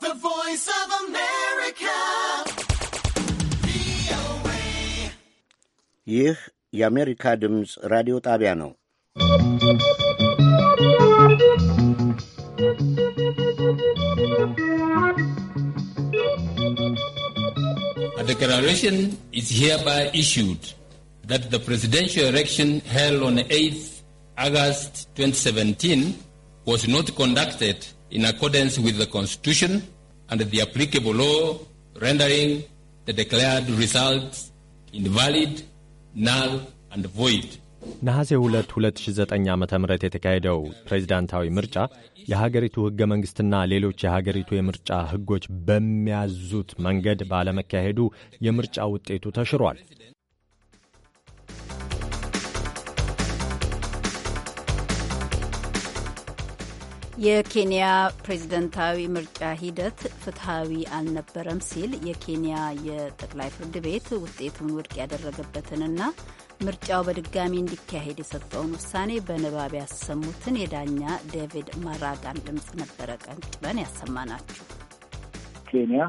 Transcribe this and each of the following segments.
The Voice of America. ይህ የአሜሪካ ድምፅ ራዲዮ ጣቢያ ነው። A declaration is hereby issued that the presidential election held on 8th August 2017 was not conducted in accordance with the Constitution and the applicable law, rendering the declared results invalid, null and void. ነሐሴ 2 2009 ዓ ም የተካሄደው ፕሬዝዳንታዊ ምርጫ የሀገሪቱ ሕገ መንግሥትና ሌሎች የሀገሪቱ የምርጫ ሕጎች በሚያዙት መንገድ ባለመካሄዱ የምርጫ ውጤቱ ተሽሯል። የኬንያ ፕሬዝደንታዊ ምርጫ ሂደት ፍትሐዊ አልነበረም ሲል የኬንያ የጠቅላይ ፍርድ ቤት ውጤቱን ውድቅ ያደረገበትንና ምርጫው በድጋሚ እንዲካሄድ የሰጠውን ውሳኔ በንባብ ያሰሙትን የዳኛ ዴቪድ ማራጋን ድምፅ ነበረ ቀንጭበን ያሰማናችሁ። ኬንያ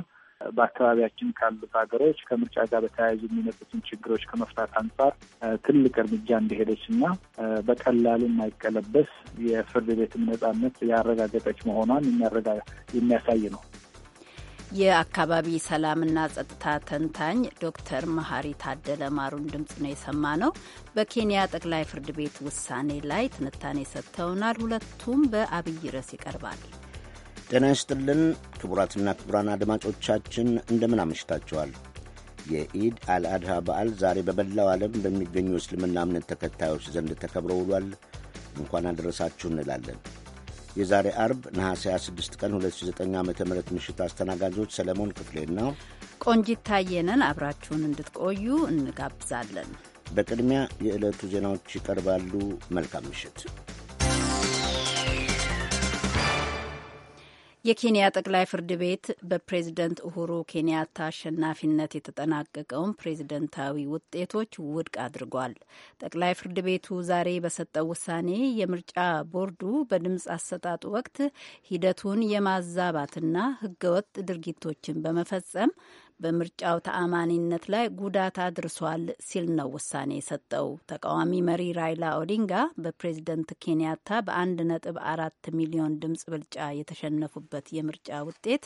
በአካባቢያችን ካሉት ሀገሮች ከምርጫ ጋር በተያያዙ የሚነጡትን ችግሮች ከመፍታት አንጻር ትልቅ እርምጃ እንደሄደች እና በቀላሉ የማይቀለበስ የፍርድ ቤትም ነጻነት ያረጋገጠች መሆኗን የሚያሳይ ነው። የአካባቢ ሰላምና ጸጥታ ተንታኝ ዶክተር መሀሪ ታደለ ማሩን ድምጽ ነው የሰማ ነው። በኬንያ ጠቅላይ ፍርድ ቤት ውሳኔ ላይ ትንታኔ ሰጥተውናል። ሁለቱም በአብይ ርዕስ ይቀርባል። ጤና ይስጥልን ክቡራትና ክቡራን አድማጮቻችን እንደምን አመሽታችኋል። የኢድ አልአድሃ በዓል ዛሬ በመላው ዓለም በሚገኙ እስልምና እምነት ተከታዮች ዘንድ ተከብሮ ውሏል። እንኳን አደረሳችሁ እንላለን። የዛሬ አርብ ነሐሴ 26 ቀን 2009 ዓ ም ምሽት አስተናጋጆች ሰለሞን ክፍሌና ቆንጂት ታየነን አብራችሁን እንድትቆዩ እንጋብዛለን። በቅድሚያ የዕለቱ ዜናዎች ይቀርባሉ። መልካም ምሽት። የኬንያ ጠቅላይ ፍርድ ቤት በፕሬዝደንት ኡሁሩ ኬንያታ አሸናፊነት የተጠናቀቀውን ፕሬዝደንታዊ ውጤቶች ውድቅ አድርጓል። ጠቅላይ ፍርድ ቤቱ ዛሬ በሰጠው ውሳኔ የምርጫ ቦርዱ በድምፅ አሰጣጡ ወቅት ሂደቱን የማዛባትና ህገወጥ ድርጊቶችን በመፈጸም በምርጫው ተአማኒነት ላይ ጉዳት አድርሷል ሲል ነው ውሳኔ የሰጠው። ተቃዋሚ መሪ ራይላ ኦዲንጋ በፕሬዝደንት ኬንያታ በአንድ ነጥብ አራት ሚሊዮን ድምፅ ብልጫ የተሸነፉበት የምርጫ ውጤት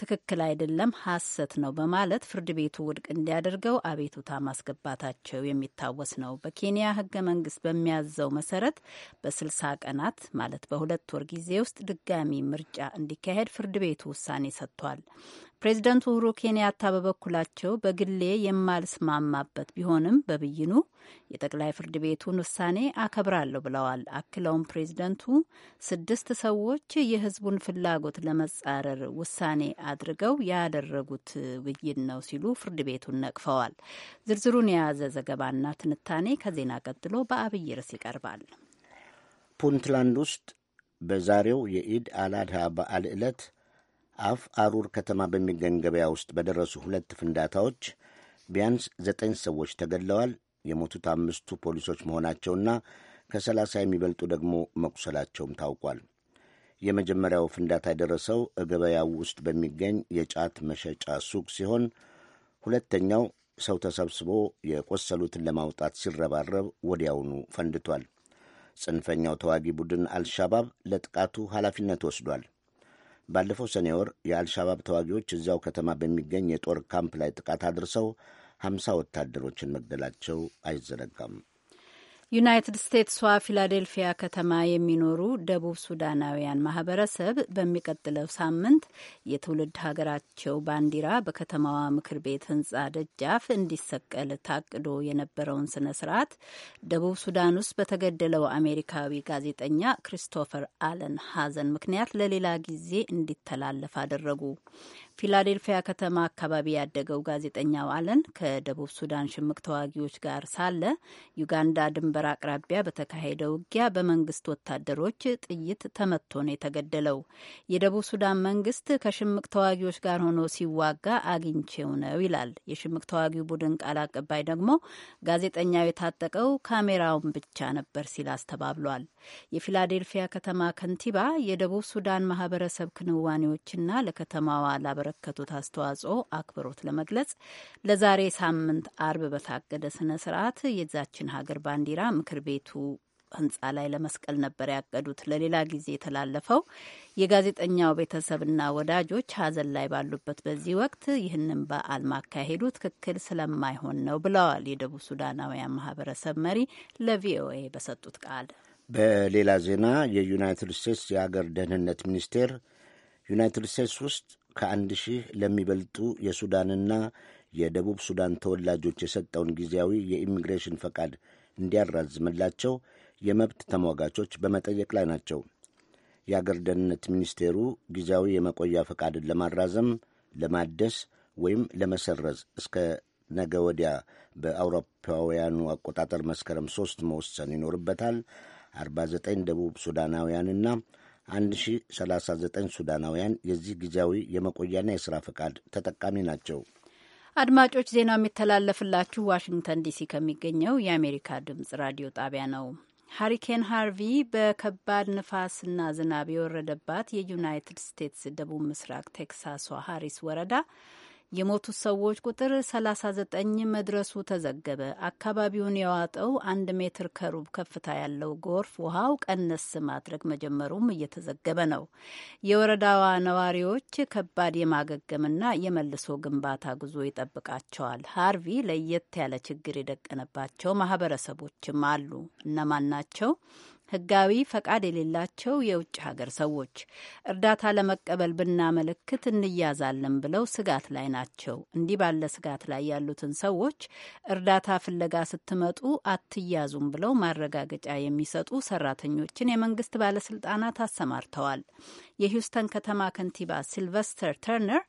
ትክክል አይደለም፣ ሐሰት ነው በማለት ፍርድ ቤቱ ውድቅ እንዲያደርገው አቤቱታ ማስገባታቸው የሚታወስ ነው። በኬንያ ሕገ መንግስት በሚያዘው መሰረት በስልሳ ቀናት ማለት በሁለት ወር ጊዜ ውስጥ ድጋሚ ምርጫ እንዲካሄድ ፍርድ ቤቱ ውሳኔ ሰጥቷል። ፕሬዚደንቱ ሁሩ ኬንያታ በበኩላቸው በግሌ የማልስማማበት ቢሆንም በብይኑ የጠቅላይ ፍርድ ቤቱን ውሳኔ አከብራለሁ ብለዋል። አክለውም ፕሬዚደንቱ ስድስት ሰዎች የሕዝቡን ፍላጎት ለመጻረር ውሳኔ አድርገው ያደረጉት ብይን ነው ሲሉ ፍርድ ቤቱን ነቅፈዋል። ዝርዝሩን የያዘ ዘገባና ትንታኔ ከዜና ቀጥሎ በአብይ ርዕስ ይቀርባል። ፑንትላንድ ውስጥ በዛሬው የኢድ አላድሃ በዓል ዕለት አፍ አሩር ከተማ በሚገኝ ገበያ ውስጥ በደረሱ ሁለት ፍንዳታዎች ቢያንስ ዘጠኝ ሰዎች ተገድለዋል። የሞቱት አምስቱ ፖሊሶች መሆናቸውና ከሰላሳ የሚበልጡ ደግሞ መቁሰላቸውም ታውቋል። የመጀመሪያው ፍንዳታ የደረሰው ገበያው ውስጥ በሚገኝ የጫት መሸጫ ሱቅ ሲሆን ሁለተኛው ሰው ተሰብስቦ የቆሰሉትን ለማውጣት ሲረባረብ ወዲያውኑ ፈንድቷል። ጽንፈኛው ተዋጊ ቡድን አልሻባብ ለጥቃቱ ኃላፊነት ወስዷል። ባለፈው ሰኔ ወር የአልሻባብ ተዋጊዎች እዚያው ከተማ በሚገኝ የጦር ካምፕ ላይ ጥቃት አድርሰው ሀምሳ ወታደሮችን መግደላቸው አይዘነጋም። ዩናይትድ ስቴትስዋ ፊላዴልፊያ ከተማ የሚኖሩ ደቡብ ሱዳናውያን ማህበረሰብ በሚቀጥለው ሳምንት የትውልድ ሀገራቸው ባንዲራ በከተማዋ ምክር ቤት ህንጻ ደጃፍ እንዲሰቀል ታቅዶ የነበረውን ስነ ስርዓት ደቡብ ሱዳን ውስጥ በተገደለው አሜሪካዊ ጋዜጠኛ ክሪስቶፈር አለን ሀዘን ምክንያት ለሌላ ጊዜ እንዲተላለፍ አደረጉ። ፊላዴልፊያ ከተማ አካባቢ ያደገው ጋዜጠኛው አለን ከደቡብ ሱዳን ሽምቅ ተዋጊዎች ጋር ሳለ ዩጋንዳ ድንበር አቅራቢያ በተካሄደ ውጊያ በመንግስት ወታደሮች ጥይት ተመቶ ነው የተገደለው። የደቡብ ሱዳን መንግስት ከሽምቅ ተዋጊዎች ጋር ሆኖ ሲዋጋ አግኝቼው ነው ይላል። የሽምቅ ተዋጊው ቡድን ቃል አቀባይ ደግሞ ጋዜጠኛው የታጠቀው ካሜራውን ብቻ ነበር ሲል አስተባብሏል። የፊላዴልፊያ ከተማ ከንቲባ የደቡብ ሱዳን ማህበረሰብ ክንዋኔዎችና ለከተማዋ ላበ ላበረከቱት አስተዋጽኦ አክብሮት ለመግለጽ ለዛሬ ሳምንት አርብ በታቀደ ስነ ስርዓት የዛችን ሀገር ባንዲራ ምክር ቤቱ ህንጻ ላይ ለመስቀል ነበር ያቀዱት። ለሌላ ጊዜ የተላለፈው የጋዜጠኛው ቤተሰብና ወዳጆች ሀዘን ላይ ባሉበት በዚህ ወቅት ይህንን በዓል ማካሄዱ ትክክል ስለማይሆን ነው ብለዋል የደቡብ ሱዳናውያን ማህበረሰብ መሪ ለቪኦኤ በሰጡት ቃል። በሌላ ዜና የዩናይትድ ስቴትስ የአገር ደህንነት ሚኒስቴር ዩናይትድ ስቴትስ ውስጥ ከአንድ ሺህ ለሚበልጡ የሱዳንና የደቡብ ሱዳን ተወላጆች የሰጠውን ጊዜያዊ የኢሚግሬሽን ፈቃድ እንዲያራዝምላቸው የመብት ተሟጋቾች በመጠየቅ ላይ ናቸው። የአገር ደህንነት ሚኒስቴሩ ጊዜያዊ የመቆያ ፈቃድን ለማራዘም፣ ለማደስ ወይም ለመሰረዝ እስከ ነገ ወዲያ በአውሮፓውያኑ አቆጣጠር መስከረም ሶስት መወሰን ይኖርበታል። 49 ደቡብ ሱዳናውያንና 1039 ሱዳናውያን የዚህ ጊዜያዊ የመቆያና የሥራ ፈቃድ ተጠቃሚ ናቸው። አድማጮች ዜናው የሚተላለፍላችሁ ዋሽንግተን ዲሲ ከሚገኘው የአሜሪካ ድምጽ ራዲዮ ጣቢያ ነው። ሀሪኬን ሃርቪ በከባድ ንፋስና ዝናብ የወረደባት የዩናይትድ ስቴትስ ደቡብ ምስራቅ ቴክሳሷ ሀሪስ ወረዳ የሞቱት ሰዎች ቁጥር 39 መድረሱ ተዘገበ። አካባቢውን የዋጠው አንድ ሜትር ከሩብ ከፍታ ያለው ጎርፍ ውሃው ቀነስ ማድረግ መጀመሩም እየተዘገበ ነው። የወረዳዋ ነዋሪዎች ከባድ የማገገምና የመልሶ ግንባታ ጉዞ ይጠብቃቸዋል። ሃርቪ ለየት ያለ ችግር የደቀነባቸው ማህበረሰቦችም አሉ። እነማን ናቸው? ህጋዊ ፈቃድ የሌላቸው የውጭ ሀገር ሰዎች እርዳታ ለመቀበል ብናመለክት እንያዛለን ብለው ስጋት ላይ ናቸው። እንዲህ ባለ ስጋት ላይ ያሉትን ሰዎች እርዳታ ፍለጋ ስትመጡ አትያዙም ብለው ማረጋገጫ የሚሰጡ ሰራተኞችን የመንግስት ባለስልጣናት አሰማርተዋል። የሂውስተን ከተማ ከንቲባ ሲልቨስተር ተርነር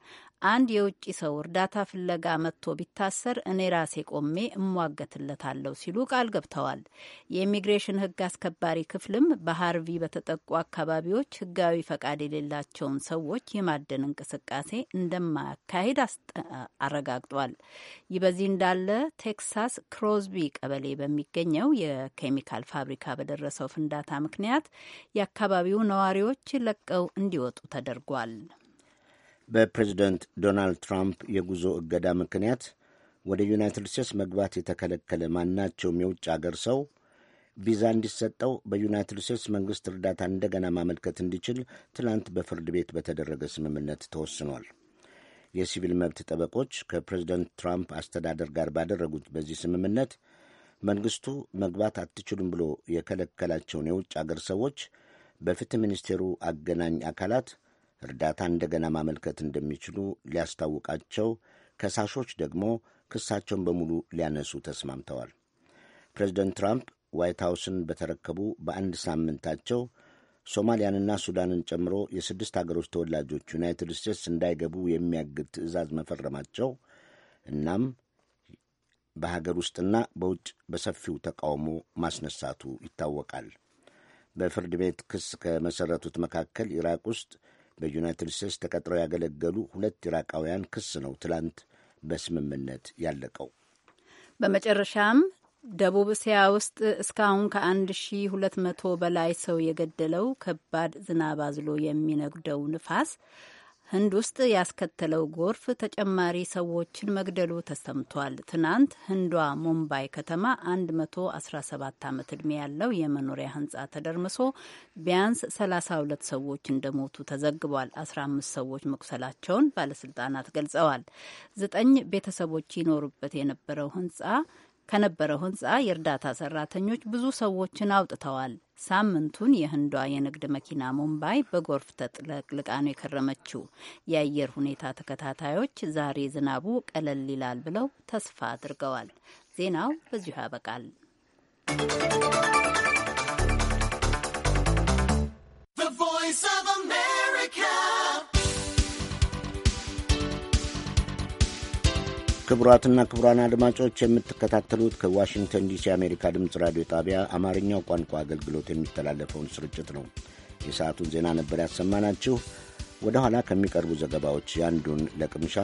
አንድ የውጭ ሰው እርዳታ ፍለጋ መጥቶ ቢታሰር እኔ ራሴ ቆሜ እሟገትለታለሁ ሲሉ ቃል ገብተዋል። የኢሚግሬሽን ሕግ አስከባሪ ክፍልም በሀርቪ በተጠቁ አካባቢዎች ሕጋዊ ፈቃድ የሌላቸውን ሰዎች የማደን እንቅስቃሴ እንደማያካሂድ አረጋግጧል። ይህ በዚህ እንዳለ ቴክሳስ ክሮዝቢ ቀበሌ በሚገኘው የኬሚካል ፋብሪካ በደረሰው ፍንዳታ ምክንያት የአካባቢው ነዋሪዎች ለቀው እንዲወጡ ተደርጓል። በፕሬዝደንት ዶናልድ ትራምፕ የጉዞ እገዳ ምክንያት ወደ ዩናይትድ ስቴትስ መግባት የተከለከለ ማናቸውም የውጭ አገር ሰው ቪዛ እንዲሰጠው በዩናይትድ ስቴትስ መንግሥት እርዳታ እንደገና ማመልከት እንዲችል ትናንት በፍርድ ቤት በተደረገ ስምምነት ተወስኗል። የሲቪል መብት ጠበቆች ከፕሬዝደንት ትራምፕ አስተዳደር ጋር ባደረጉት በዚህ ስምምነት መንግሥቱ መግባት አትችሉም ብሎ የከለከላቸውን የውጭ አገር ሰዎች በፍትህ ሚኒስቴሩ አገናኝ አካላት እርዳታ እንደገና ማመልከት እንደሚችሉ ሊያስታውቃቸው፣ ከሳሾች ደግሞ ክሳቸውን በሙሉ ሊያነሱ ተስማምተዋል። ፕሬዚደንት ትራምፕ ዋይት ሀውስን በተረከቡ በአንድ ሳምንታቸው ሶማሊያንና ሱዳንን ጨምሮ የስድስት አገሮች ተወላጆች ዩናይትድ ስቴትስ እንዳይገቡ የሚያግድ ትዕዛዝ መፈረማቸው እናም በሀገር ውስጥና በውጭ በሰፊው ተቃውሞ ማስነሳቱ ይታወቃል። በፍርድ ቤት ክስ ከመሠረቱት መካከል ኢራቅ ውስጥ በዩናይትድ ስቴትስ ተቀጥረው ያገለገሉ ሁለት ኢራቃውያን ክስ ነው ትላንት በስምምነት ያለቀው። በመጨረሻም ደቡብ እስያ ውስጥ እስካሁን ከ1200 በላይ ሰው የገደለው ከባድ ዝናብ አዝሎ የሚነግደው ንፋስ ህንድ ውስጥ ያስከተለው ጎርፍ ተጨማሪ ሰዎችን መግደሉ ተሰምቷል። ትናንት ህንዷ ሙምባይ ከተማ 117 ዓመት ዕድሜ ያለው የመኖሪያ ህንፃ ተደርምሶ ቢያንስ 32 ሰዎች እንደሞቱ ተዘግቧል። 15 ሰዎች መቁሰላቸውን ባለስልጣናት ገልጸዋል። ዘጠኝ ቤተሰቦች ይኖሩበት የነበረው ህንፃ ከነበረው ህንፃ የእርዳታ ሰራተኞች ብዙ ሰዎችን አውጥተዋል። ሳምንቱን የህንዷ የንግድ መኪና ሙምባይ በጎርፍ ተጥለቅልቃ ነው የከረመችው። የአየር ሁኔታ ተከታታዮች ዛሬ ዝናቡ ቀለል ይላል ብለው ተስፋ አድርገዋል። ዜናው በዚሁ ያበቃል። ክቡራትና ክቡራን አድማጮች የምትከታተሉት ከዋሽንግተን ዲሲ የአሜሪካ ድምፅ ራዲዮ ጣቢያ አማርኛው ቋንቋ አገልግሎት የሚተላለፈውን ስርጭት ነው። የሰዓቱን ዜና ነበር ያሰማናችሁ። ወደ ኋላ ከሚቀርቡ ዘገባዎች ያንዱን ለቅምሻ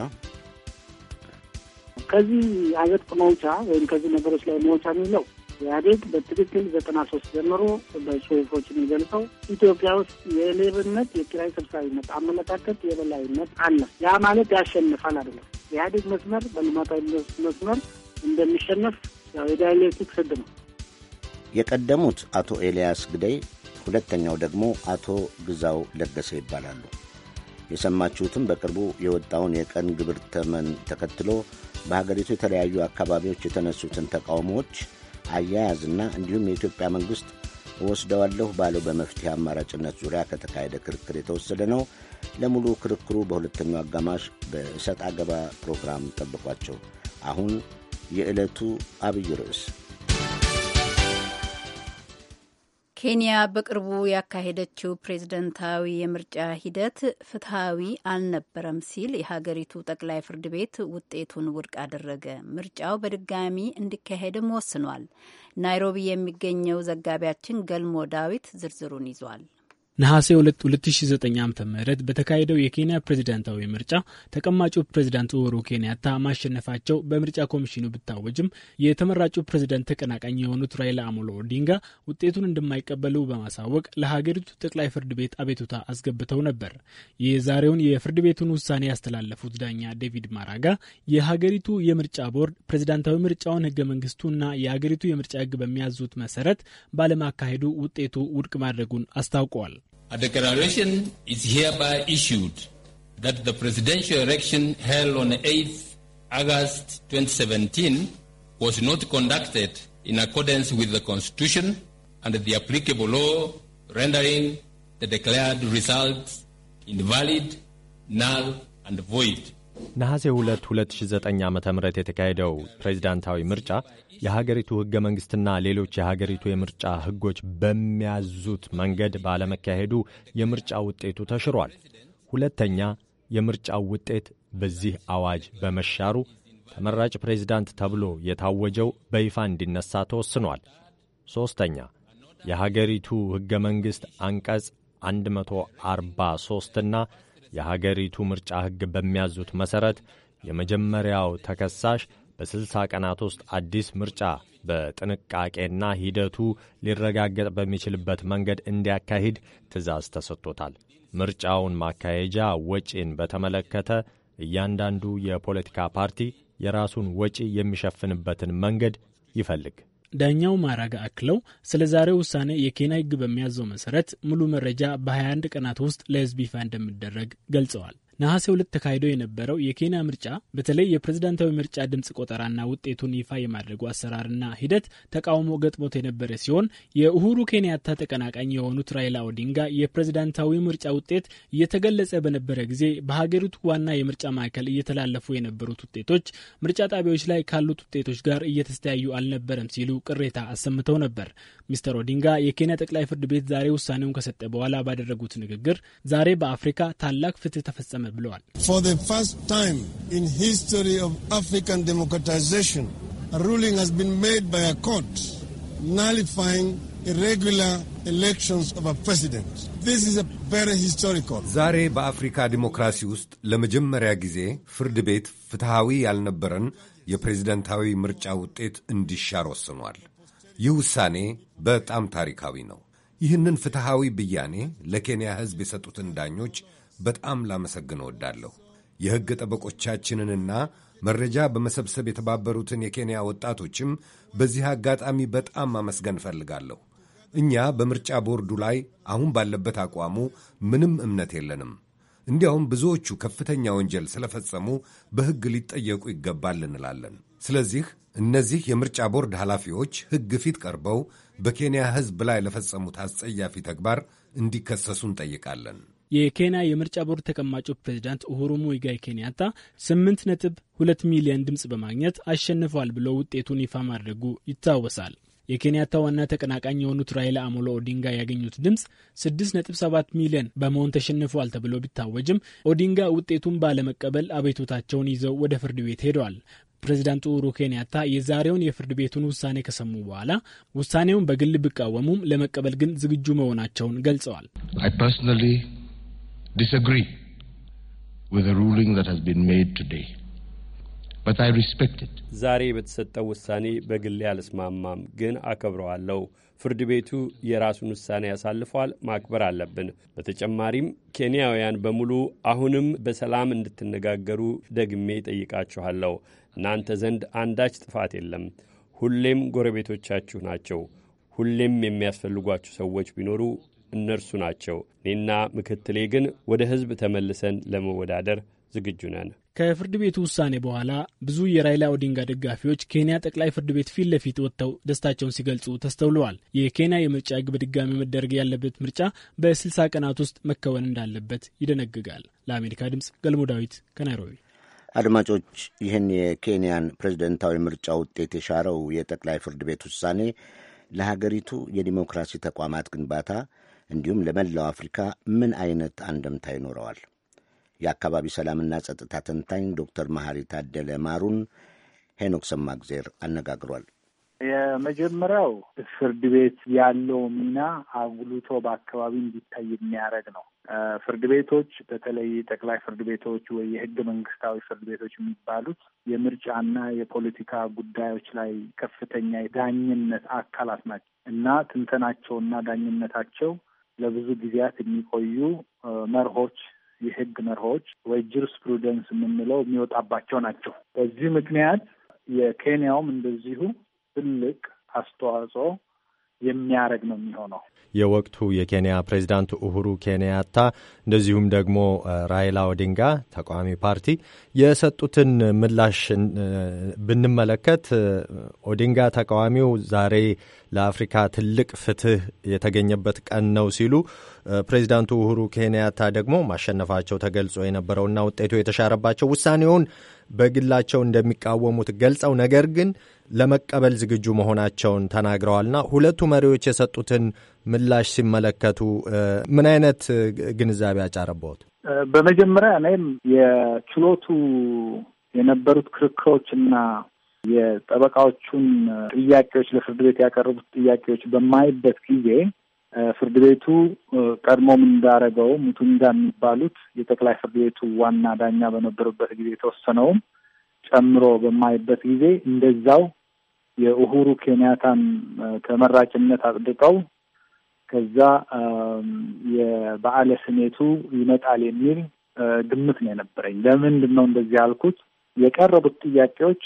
ከዚህ አዘቅት መውጫ ወይም ከዚህ ነገሮች ላይ መውጫ የሚለው ኢህአዴግ በትክክል ዘጠና ሶስት ጀምሮ በጽሁፎች የሚገልጸው ኢትዮጵያ ውስጥ የሌብነት የኪራይ ሰብሳቢነት አመለካከት የበላይነት አለ። ያ ማለት ያሸንፋል አይደለም። የኢህአዴግ መስመር በልማታዊ መስመር እንደሚሸነፍ ያው ስድ ነው። የቀደሙት አቶ ኤልያስ ግደይ፣ ሁለተኛው ደግሞ አቶ ግዛው ለገሰ ይባላሉ። የሰማችሁትም በቅርቡ የወጣውን የቀን ግብር ተመን ተከትሎ በሀገሪቱ የተለያዩ አካባቢዎች የተነሱትን ተቃውሞዎች አያያዝና እንዲሁም የኢትዮጵያ መንግሥት እወስደዋለሁ ባለው በመፍትሄ አማራጭነት ዙሪያ ከተካሄደ ክርክር የተወሰደ ነው። ለሙሉ ክርክሩ በሁለተኛው አጋማሽ በእሰጥ አገባ ፕሮግራም ጠብቋቸው። አሁን የዕለቱ አብይ ርዕስ ኬንያ በቅርቡ ያካሄደችው ፕሬዝደንታዊ የምርጫ ሂደት ፍትሐዊ አልነበረም ሲል የሀገሪቱ ጠቅላይ ፍርድ ቤት ውጤቱን ውድቅ አደረገ። ምርጫው በድጋሚ እንዲካሄድም ወስኗል። ናይሮቢ የሚገኘው ዘጋቢያችን ገልሞ ዳዊት ዝርዝሩን ይዟል። ነሐሴ 2 2009 ዓ ም በተካሄደው የኬንያ ፕሬዝዳንታዊ ምርጫ ተቀማጩ ፕሬዝዳንት ኡሁሩ ኬንያታ ማሸነፋቸው በምርጫ ኮሚሽኑ ብታወጅም የተመራጩ ፕሬዝዳንት ተቀናቃኝ የሆኑት ራይላ አሞሎ ኦዲንጋ ውጤቱን እንደማይቀበሉ በማሳወቅ ለሀገሪቱ ጠቅላይ ፍርድ ቤት አቤቱታ አስገብተው ነበር። የዛሬውን የፍርድ ቤቱን ውሳኔ ያስተላለፉት ዳኛ ዴቪድ ማራጋ የሀገሪቱ የምርጫ ቦርድ ፕሬዝዳንታዊ ምርጫውን ህገ መንግስቱና የሀገሪቱ የምርጫ ህግ በሚያዙት መሰረት ባለማካሄዱ ውጤቱ ውድቅ ማድረጉን አስታውቀዋል። A declaration is hereby issued that the presidential election held on 8th August 2017 was not conducted in accordance with the Constitution and the applicable law, rendering the declared results invalid, null, and void. ነሐሴ 2 2009 ዓ ም የተካሄደው ፕሬዝዳንታዊ ምርጫ የሀገሪቱ ሕገ መንግሥትና ሌሎች የሀገሪቱ የምርጫ ሕጎች በሚያዙት መንገድ ባለመካሄዱ የምርጫ ውጤቱ ተሽሯል። ሁለተኛ የምርጫው ውጤት በዚህ አዋጅ በመሻሩ ተመራጭ ፕሬዝዳንት ተብሎ የታወጀው በይፋ እንዲነሳ ተወስኗል። ሦስተኛ የሀገሪቱ ሕገ መንግሥት አንቀጽ 143ና የሀገሪቱ ምርጫ ሕግ በሚያዙት መሠረት የመጀመሪያው ተከሳሽ በ60 ቀናት ውስጥ አዲስ ምርጫ በጥንቃቄና ሂደቱ ሊረጋገጥ በሚችልበት መንገድ እንዲያካሂድ ትዕዛዝ ተሰጥቶታል። ምርጫውን ማካሄጃ ወጪን በተመለከተ እያንዳንዱ የፖለቲካ ፓርቲ የራሱን ወጪ የሚሸፍንበትን መንገድ ይፈልግ። ዳኛው ማራጋ አክለው ስለ ዛሬው ውሳኔ የኬንያ ሕግ በሚያዘው መሰረት ሙሉ መረጃ በ21 ቀናት ውስጥ ለሕዝብ ይፋ እንደሚደረግ ገልጸዋል። ነሐሴ ሁለት ተካሂዶ የነበረው የኬንያ ምርጫ በተለይ የፕሬዝዳንታዊ ምርጫ ድምፅ ቆጠራና ውጤቱን ይፋ የማድረጉ አሰራርና ሂደት ተቃውሞ ገጥሞት የነበረ ሲሆን የኡሁሩ ኬንያታ ተቀናቃኝ የሆኑት ራይላ ኦዲንጋ የፕሬዝዳንታዊ ምርጫ ውጤት እየተገለጸ በነበረ ጊዜ በሀገሪቱ ዋና የምርጫ ማዕከል እየተላለፉ የነበሩት ውጤቶች ምርጫ ጣቢያዎች ላይ ካሉት ውጤቶች ጋር እየተስተያዩ አልነበረም ሲሉ ቅሬታ አሰምተው ነበር። ሚስተር ኦዲንጋ የኬንያ ጠቅላይ ፍርድ ቤት ዛሬ ውሳኔውን ከሰጠ በኋላ ባደረጉት ንግግር ዛሬ በአፍሪካ ታላቅ ፍትህ ተፈጸመ አልተፈጸመ ብለዋል። ዛሬ በአፍሪካ ዲሞክራሲ ውስጥ ለመጀመሪያ ጊዜ ፍርድ ቤት ፍትሐዊ ያልነበረን የፕሬዝደንታዊ ምርጫ ውጤት እንዲሻር ወስኗል። ይህ ውሳኔ በጣም ታሪካዊ ነው። ይህንን ፍትሐዊ ብያኔ ለኬንያ ሕዝብ የሰጡትን ዳኞች በጣም ላመሰግን ወዳለሁ። የሕግ ጠበቆቻችንንና መረጃ በመሰብሰብ የተባበሩትን የኬንያ ወጣቶችም በዚህ አጋጣሚ በጣም ማመስገን እፈልጋለሁ። እኛ በምርጫ ቦርዱ ላይ አሁን ባለበት አቋሙ ምንም እምነት የለንም። እንዲያውም ብዙዎቹ ከፍተኛ ወንጀል ስለፈጸሙ በሕግ ሊጠየቁ ይገባል እንላለን። ስለዚህ እነዚህ የምርጫ ቦርድ ኃላፊዎች ሕግ ፊት ቀርበው በኬንያ ሕዝብ ላይ ለፈጸሙት አስጸያፊ ተግባር እንዲከሰሱ እንጠይቃለን። የኬንያ የምርጫ ቦርድ ተቀማጩ ፕሬዚዳንት ኡሁሩ ሙይጋይ ኬንያታ ስምንት ነጥብ ሁለት ሚሊዮን ድምፅ በማግኘት አሸንፈዋል ብሎ ውጤቱን ይፋ ማድረጉ ይታወሳል። የኬንያታ ዋና ተቀናቃኝ የሆኑት ራይላ አሞሎ ኦዲንጋ ያገኙት ድምፅ 6.7 ሚሊዮን በመሆን ተሸንፈዋል ተብሎ ቢታወጅም ኦዲንጋ ውጤቱን ባለመቀበል አቤቶታቸውን ይዘው ወደ ፍርድ ቤት ሄደዋል። ፕሬዚዳንት ኡሁሩ ኬንያታ የዛሬውን የፍርድ ቤቱን ውሳኔ ከሰሙ በኋላ ውሳኔውን በግል ቢቃወሙም ለመቀበል ግን ዝግጁ መሆናቸውን ገልጸዋል። disagree with the ruling that has been made today. But I respect it. ዛሬ በተሰጠው ውሳኔ በግሌ አልስማማም፣ ግን አከብረዋለሁ። ፍርድ ቤቱ የራሱን ውሳኔ ያሳልፏል፣ ማክበር አለብን። በተጨማሪም ኬንያውያን በሙሉ አሁንም በሰላም እንድትነጋገሩ ደግሜ ጠይቃችኋለሁ። እናንተ ዘንድ አንዳች ጥፋት የለም። ሁሌም ጎረቤቶቻችሁ ናቸው። ሁሌም የሚያስፈልጓችሁ ሰዎች ቢኖሩ እነርሱ ናቸው። እኔና ምክትሌ ግን ወደ ህዝብ ተመልሰን ለመወዳደር ዝግጁ ነን። ከፍርድ ቤቱ ውሳኔ በኋላ ብዙ የራይላ ኦዲንጋ ደጋፊዎች ኬንያ ጠቅላይ ፍርድ ቤት ፊት ለፊት ወጥተው ደስታቸውን ሲገልጹ ተስተውለዋል። የኬንያ የምርጫ ህግ በድጋሚ መደረግ ያለበት ምርጫ በ60 ቀናት ውስጥ መከወን እንዳለበት ይደነግጋል። ለአሜሪካ ድምፅ ገልሞ ዳዊት ከናይሮቢ። አድማጮች፣ ይህን የኬንያን ፕሬዝደንታዊ ምርጫ ውጤት የሻረው የጠቅላይ ፍርድ ቤት ውሳኔ ለሀገሪቱ የዲሞክራሲ ተቋማት ግንባታ እንዲሁም ለመላው አፍሪካ ምን አይነት አንደምታ ይኖረዋል? የአካባቢ ሰላምና ጸጥታ ተንታኝ ዶክተር መሐሪ ታደለ ማሩን ሄኖክ ሰማግዜር አነጋግሯል። የመጀመሪያው ፍርድ ቤት ያለው ሚና አጉልቶ በአካባቢ እንዲታይ የሚያደርግ ነው። ፍርድ ቤቶች በተለይ ጠቅላይ ፍርድ ቤቶች ወይ የህገ መንግስታዊ ፍርድ ቤቶች የሚባሉት የምርጫና የፖለቲካ ጉዳዮች ላይ ከፍተኛ የዳኝነት አካላት ናቸው እና ትንተናቸውና ዳኝነታቸው ለብዙ ጊዜያት የሚቆዩ መርሆች የህግ መርሆች ወይ ፕሩደንስ የምንለው የሚወጣባቸው ናቸው። በዚህ ምክንያት የኬንያውም እንደዚሁ ትልቅ አስተዋጽኦ የሚያደርግ ነው የሚሆነው። የወቅቱ የኬንያ ፕሬዚዳንት ኡሁሩ ኬንያታ እንደዚሁም ደግሞ ራይላ ኦዲንጋ ተቃዋሚ ፓርቲ የሰጡትን ምላሽ ብንመለከት ኦዲንጋ ተቃዋሚው ዛሬ ለአፍሪካ ትልቅ ፍትህ የተገኘበት ቀን ነው ሲሉ ፕሬዚዳንቱ ኡሁሩ ኬንያታ ደግሞ ማሸነፋቸው ተገልጾ የነበረውና ውጤቱ የተሻረባቸው ውሳኔውን በግላቸው እንደሚቃወሙት ገልጸው ነገር ግን ለመቀበል ዝግጁ መሆናቸውን ተናግረዋልና ሁለቱ መሪዎች የሰጡትን ምላሽ ሲመለከቱ ምን አይነት ግንዛቤ አጫረበት በመጀመሪያ እኔም የችሎቱ የነበሩት ክርክሮችና የጠበቃዎቹን ጥያቄዎች ለፍርድ ቤት ያቀረቡት ጥያቄዎች በማይበት ጊዜ ፍርድ ቤቱ ቀድሞም እንዳረገው ሙቱንጋ የሚባሉት የጠቅላይ ፍርድ ቤቱ ዋና ዳኛ በነበሩበት ጊዜ የተወሰነውም ጨምሮ በማይበት ጊዜ እንደዛው የኡሁሩ ኬንያታን ተመራጭነት አጽድቀው ከዛ የበዓለ ስሜቱ ይመጣል የሚል ግምት ነው የነበረኝ። ለምንድን ነው እንደዚህ ያልኩት? የቀረቡት ጥያቄዎች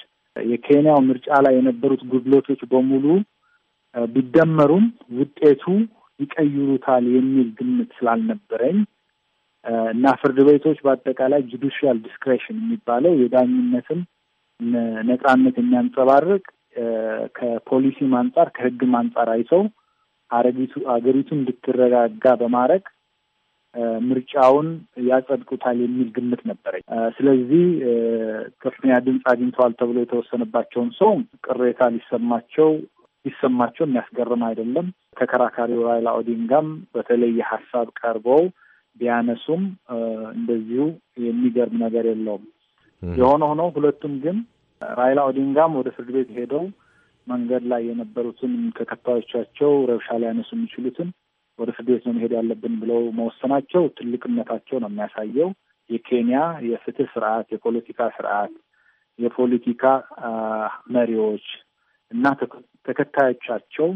የኬንያው ምርጫ ላይ የነበሩት ጉድለቶች በሙሉ ቢደመሩም ውጤቱ ይቀይሩታል የሚል ግምት ስላልነበረኝ እና ፍርድ ቤቶች በአጠቃላይ ጁዲሽያል ዲስክሬሽን የሚባለው የዳኝነትን ነጻነት የሚያንጸባርቅ ከፖሊሲም አንጻር ከህግም አንጻር አይተው አገሪቱ እንድትረጋጋ በማድረግ ምርጫውን ያጸድቁታል የሚል ግምት ነበረኝ። ስለዚህ ከፍተኛ ድምፅ አግኝተዋል ተብሎ የተወሰነባቸውን ሰው ቅሬታ ሊሰማቸው ቢሰማቸው የሚያስገርም አይደለም። ተከራካሪው ራይላ ኦዲንጋም በተለየ ሀሳብ ቀርበው ቢያነሱም እንደዚሁ የሚገርም ነገር የለውም። የሆነ ሆኖ ሁለቱም ግን ራይላ ኦዲንጋም ወደ ፍርድ ቤት ሄደው መንገድ ላይ የነበሩትን ተከታዮቻቸው ረብሻ ሊያነሱ የሚችሉትን ወደ ፍርድ ቤት ነው መሄድ ያለብን ብለው መወሰናቸው ትልቅነታቸው ነው የሚያሳየው። የኬንያ የፍትህ ስርዓት፣ የፖለቲካ ስርዓት፣ የፖለቲካ መሪዎች እና ተከታዮቻቸው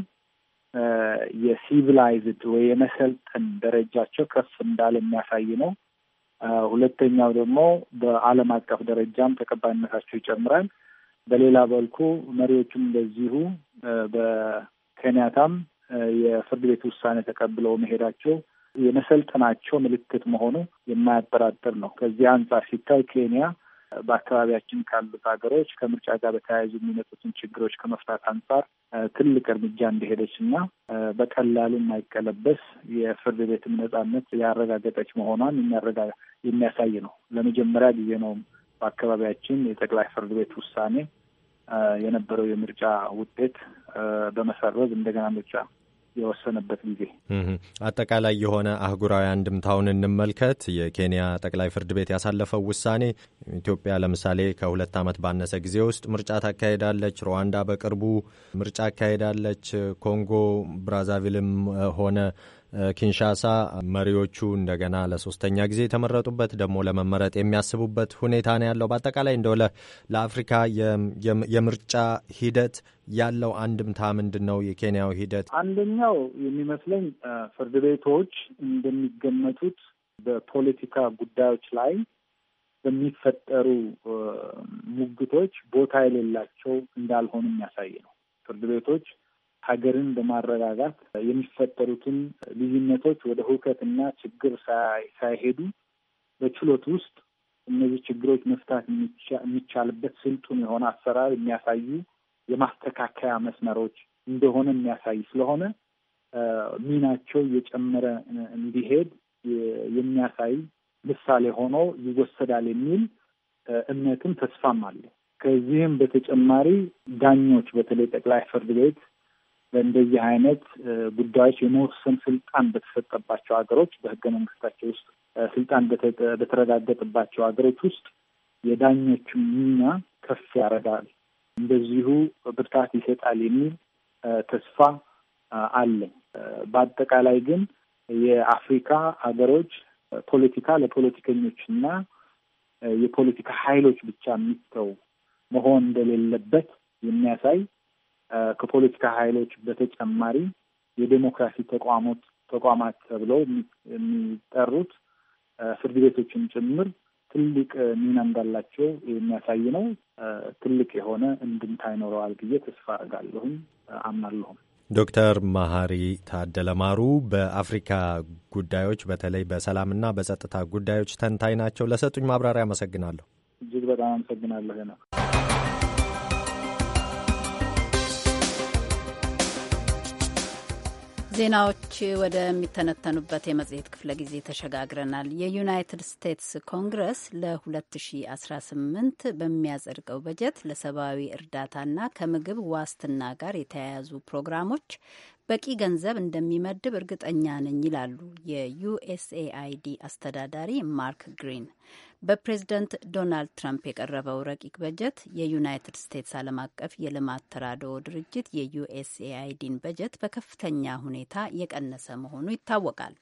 የሲቪላይዝድ ወይ የመሰልጠን ደረጃቸው ከፍ እንዳለ የሚያሳይ ነው። ሁለተኛው ደግሞ በዓለም አቀፍ ደረጃም ተቀባይነታቸው ይጨምራል። በሌላ በልኩ መሪዎቹም እንደዚሁ በኬንያታም የፍርድ ቤት ውሳኔ ተቀብለው መሄዳቸው የመሰልጠናቸው ምልክት መሆኑ የማያጠራጥር ነው። ከዚህ አንጻር ሲታይ ኬንያ በአካባቢያችን ካሉት ሀገሮች ከምርጫ ጋር በተያያዙ የሚመጡትን ችግሮች ከመፍታት አንጻር ትልቅ እርምጃ እንደሄደች እና በቀላሉ የማይቀለበስ የፍርድ ቤትም ነጻነት ያረጋገጠች መሆኗን የሚያሳይ ነው። ለመጀመሪያ ጊዜ ነው በአካባቢያችን የጠቅላይ ፍርድ ቤት ውሳኔ የነበረው የምርጫ ውጤት በመሰረዝ እንደገና ምርጫ የወሰነበት ጊዜ። አጠቃላይ የሆነ አህጉራዊ አንድምታውን እንመልከት። የኬንያ ጠቅላይ ፍርድ ቤት ያሳለፈው ውሳኔ ኢትዮጵያ ለምሳሌ ከሁለት ዓመት ባነሰ ጊዜ ውስጥ ምርጫ ታካሄዳለች፣ ሩዋንዳ በቅርቡ ምርጫ አካሄዳለች፣ ኮንጎ ብራዛቪልም ሆነ ኪንሻሳ መሪዎቹ እንደገና ለሶስተኛ ጊዜ የተመረጡበት ደግሞ ለመመረጥ የሚያስቡበት ሁኔታ ነው ያለው። በአጠቃላይ እንደው ለአፍሪካ የምርጫ ሂደት ያለው አንድምታ ምንድን ነው? የኬንያው ሂደት አንደኛው የሚመስለኝ ፍርድ ቤቶች እንደሚገመቱት በፖለቲካ ጉዳዮች ላይ በሚፈጠሩ ሙግቶች ቦታ የሌላቸው እንዳልሆኑ የሚያሳይ ነው። ፍርድ ቤቶች ሀገርን በማረጋጋት የሚፈጠሩትን ልዩነቶች ወደ ሁከትና ችግር ሳይሄዱ በችሎት ውስጥ እነዚህ ችግሮች መፍታት የሚቻልበት ስልጡን የሆነ አሰራር የሚያሳዩ የማስተካከያ መስመሮች እንደሆነ የሚያሳይ ስለሆነ ሚናቸው የጨመረ እንዲሄድ የሚያሳይ ምሳሌ ሆኖ ይወሰዳል የሚል እምነትም ተስፋም አለ። ከዚህም በተጨማሪ ዳኞች በተለይ ጠቅላይ ፍርድ ቤት በእንደዚህ አይነት ጉዳዮች የመወሰን ስልጣን በተሰጠባቸው ሀገሮች በህገ መንግስታቸው ውስጥ ስልጣን በተረጋገጠባቸው ሀገሮች ውስጥ የዳኞችን ሚና ከፍ ያደርጋል፣ እንደዚሁ ብርታት ይሰጣል የሚል ተስፋ አለኝ። በአጠቃላይ ግን የአፍሪካ ሀገሮች ፖለቲካ ለፖለቲከኞችና የፖለቲካ ኃይሎች ብቻ የሚተው መሆን እንደሌለበት የሚያሳይ ከፖለቲካ ኃይሎች በተጨማሪ የዴሞክራሲ ተቋሞት ተቋማት ተብለው የሚጠሩት ፍርድ ቤቶችን ጭምር ትልቅ ሚና እንዳላቸው የሚያሳይ ነው። ትልቅ የሆነ እንድምታ ይኖረዋል ብዬ ተስፋ አርጋለሁም አምናለሁም። ዶክተር መሀሪ ታደለማሩ ማሩ በአፍሪካ ጉዳዮች በተለይ በሰላምና በጸጥታ ጉዳዮች ተንታኝ ናቸው። ለሰጡኝ ማብራሪያ አመሰግናለሁ። እጅግ በጣም አመሰግናለሁ ነው ዜናዎች ወደሚተነተኑበት የመጽሔት ክፍለ ጊዜ ተሸጋግረናል። የዩናይትድ ስቴትስ ኮንግረስ ለ2018 በሚያጸድቀው በጀት ለሰብአዊ እርዳታና ከምግብ ዋስትና ጋር የተያያዙ ፕሮግራሞች በቂ ገንዘብ እንደሚመድብ እርግጠኛ ነኝ ይላሉ የዩኤስኤአይዲ አስተዳዳሪ ማርክ ግሪን። በፕሬዝደንት ዶናልድ ትራምፕ የቀረበው ረቂቅ በጀት የዩናይትድ ስቴትስ ዓለም አቀፍ የልማት ተራድኦ ድርጅት የዩኤስኤአይዲን በጀት በከፍተኛ ሁኔታ የቀነሰ መሆኑ ይታወቃል።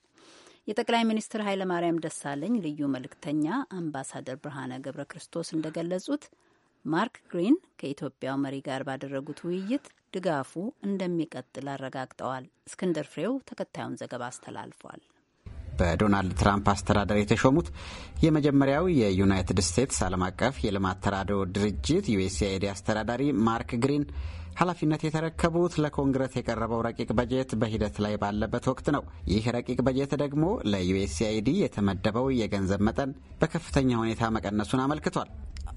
የጠቅላይ ሚኒስትር ኃይለማርያም ደሳለኝ ልዩ መልእክተኛ አምባሳደር ብርሃነ ገብረ ክርስቶስ እንደገለጹት ማርክ ግሪን ከኢትዮጵያው መሪ ጋር ባደረጉት ውይይት ድጋፉ እንደሚቀጥል አረጋግጠዋል። እስክንድር ፍሬው ተከታዩን ዘገባ አስተላልፏል። በዶናልድ ትራምፕ አስተዳደር የተሾሙት የመጀመሪያው የዩናይትድ ስቴትስ ዓለም አቀፍ የልማት ተራድኦ ድርጅት ዩኤስኤአይዲ አስተዳዳሪ ማርክ ግሪን ኃላፊነት የተረከቡት ለኮንግረስ የቀረበው ረቂቅ በጀት በሂደት ላይ ባለበት ወቅት ነው። ይህ ረቂቅ በጀት ደግሞ ለዩኤስኤአይዲ የተመደበው የገንዘብ መጠን በከፍተኛ ሁኔታ መቀነሱን አመልክቷል።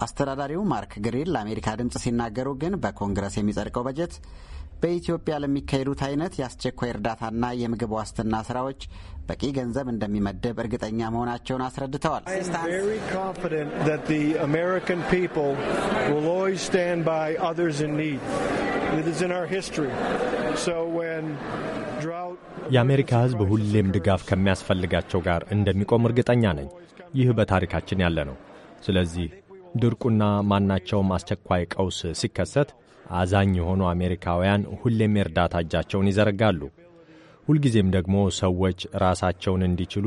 አስተዳዳሪው ማርክ ግሪን ለአሜሪካ ድምፅ ሲናገሩ ግን በኮንግረስ የሚጸድቀው በጀት በኢትዮጵያ ለሚካሄዱት አይነት የአስቸኳይ እርዳታና የምግብ ዋስትና ስራዎች በቂ ገንዘብ እንደሚመደብ እርግጠኛ መሆናቸውን አስረድተዋል። የአሜሪካ ሕዝብ ሁሌም ድጋፍ ከሚያስፈልጋቸው ጋር እንደሚቆም እርግጠኛ ነኝ። ይህ በታሪካችን ያለ ነው። ስለዚህ ድርቁና ማናቸውም አስቸኳይ ቀውስ ሲከሰት አዛኝ የሆኑ አሜሪካውያን ሁሌም የእርዳታ እጃቸውን ይዘረጋሉ። ሁልጊዜም ደግሞ ሰዎች ራሳቸውን እንዲችሉ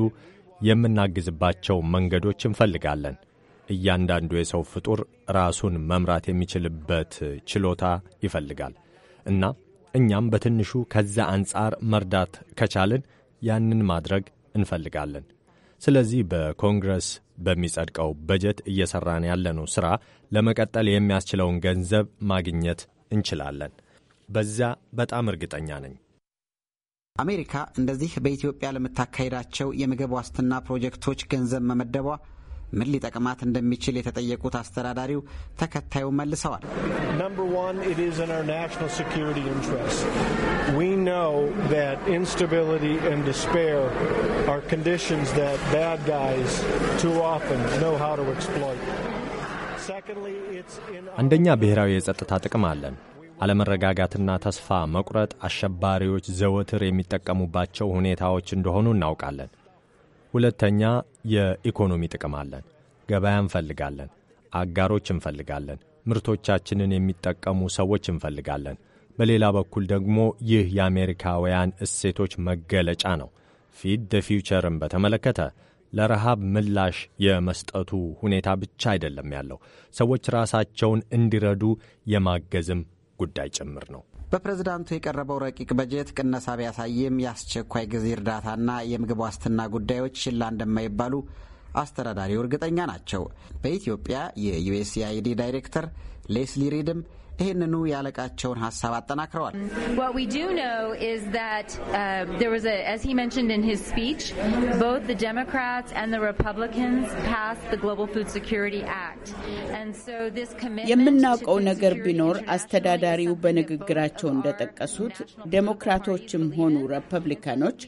የምናግዝባቸው መንገዶች እንፈልጋለን። እያንዳንዱ የሰው ፍጡር ራሱን መምራት የሚችልበት ችሎታ ይፈልጋል እና እኛም በትንሹ ከዛ አንጻር መርዳት ከቻልን ያንን ማድረግ እንፈልጋለን። ስለዚህ በኮንግረስ በሚጸድቀው በጀት እየሰራን ያለነው ሥራ ለመቀጠል የሚያስችለውን ገንዘብ ማግኘት እንችላለን። በዚያ በጣም እርግጠኛ ነኝ። አሜሪካ እንደዚህ በኢትዮጵያ ለምታካሄዳቸው የምግብ ዋስትና ፕሮጀክቶች ገንዘብ መመደቧ ምን ሊጠቅማት እንደሚችል የተጠየቁት አስተዳዳሪው ተከታዩን መልሰዋል። አንደኛ ብሔራዊ የጸጥታ ጥቅም አለን። አለመረጋጋትና ተስፋ መቁረጥ አሸባሪዎች ዘወትር የሚጠቀሙባቸው ሁኔታዎች እንደሆኑ እናውቃለን። ሁለተኛ የኢኮኖሚ ጥቅም አለን። ገበያ እንፈልጋለን፣ አጋሮች እንፈልጋለን፣ ምርቶቻችንን የሚጠቀሙ ሰዎች እንፈልጋለን። በሌላ በኩል ደግሞ ይህ የአሜሪካውያን እሴቶች መገለጫ ነው። ፊድ ደ ፊውቸርን በተመለከተ ለረሃብ ምላሽ የመስጠቱ ሁኔታ ብቻ አይደለም ያለው፣ ሰዎች ራሳቸውን እንዲረዱ የማገዝም ጉዳይ ጭምር ነው። በፕሬዝዳንቱ የቀረበው ረቂቅ በጀት ቅነሳ ቢያሳይም የአስቸኳይ ጊዜ እርዳታና የምግብ ዋስትና ጉዳዮች ሽላ እንደማይባሉ አስተዳዳሪው እርግጠኛ ናቸው። በኢትዮጵያ የዩኤስኤአይዲ ዳይሬክተር ሌስሊ ሪድም ይህንኑ ያለቃቸውን ሀሳብ አጠናክረዋል። um, የምናውቀው ነገር ቢኖር አስተዳዳሪው በንግግራቸው እንደጠቀሱት ዴሞክራቶችም ሆኑ ሪፐብሊካኖች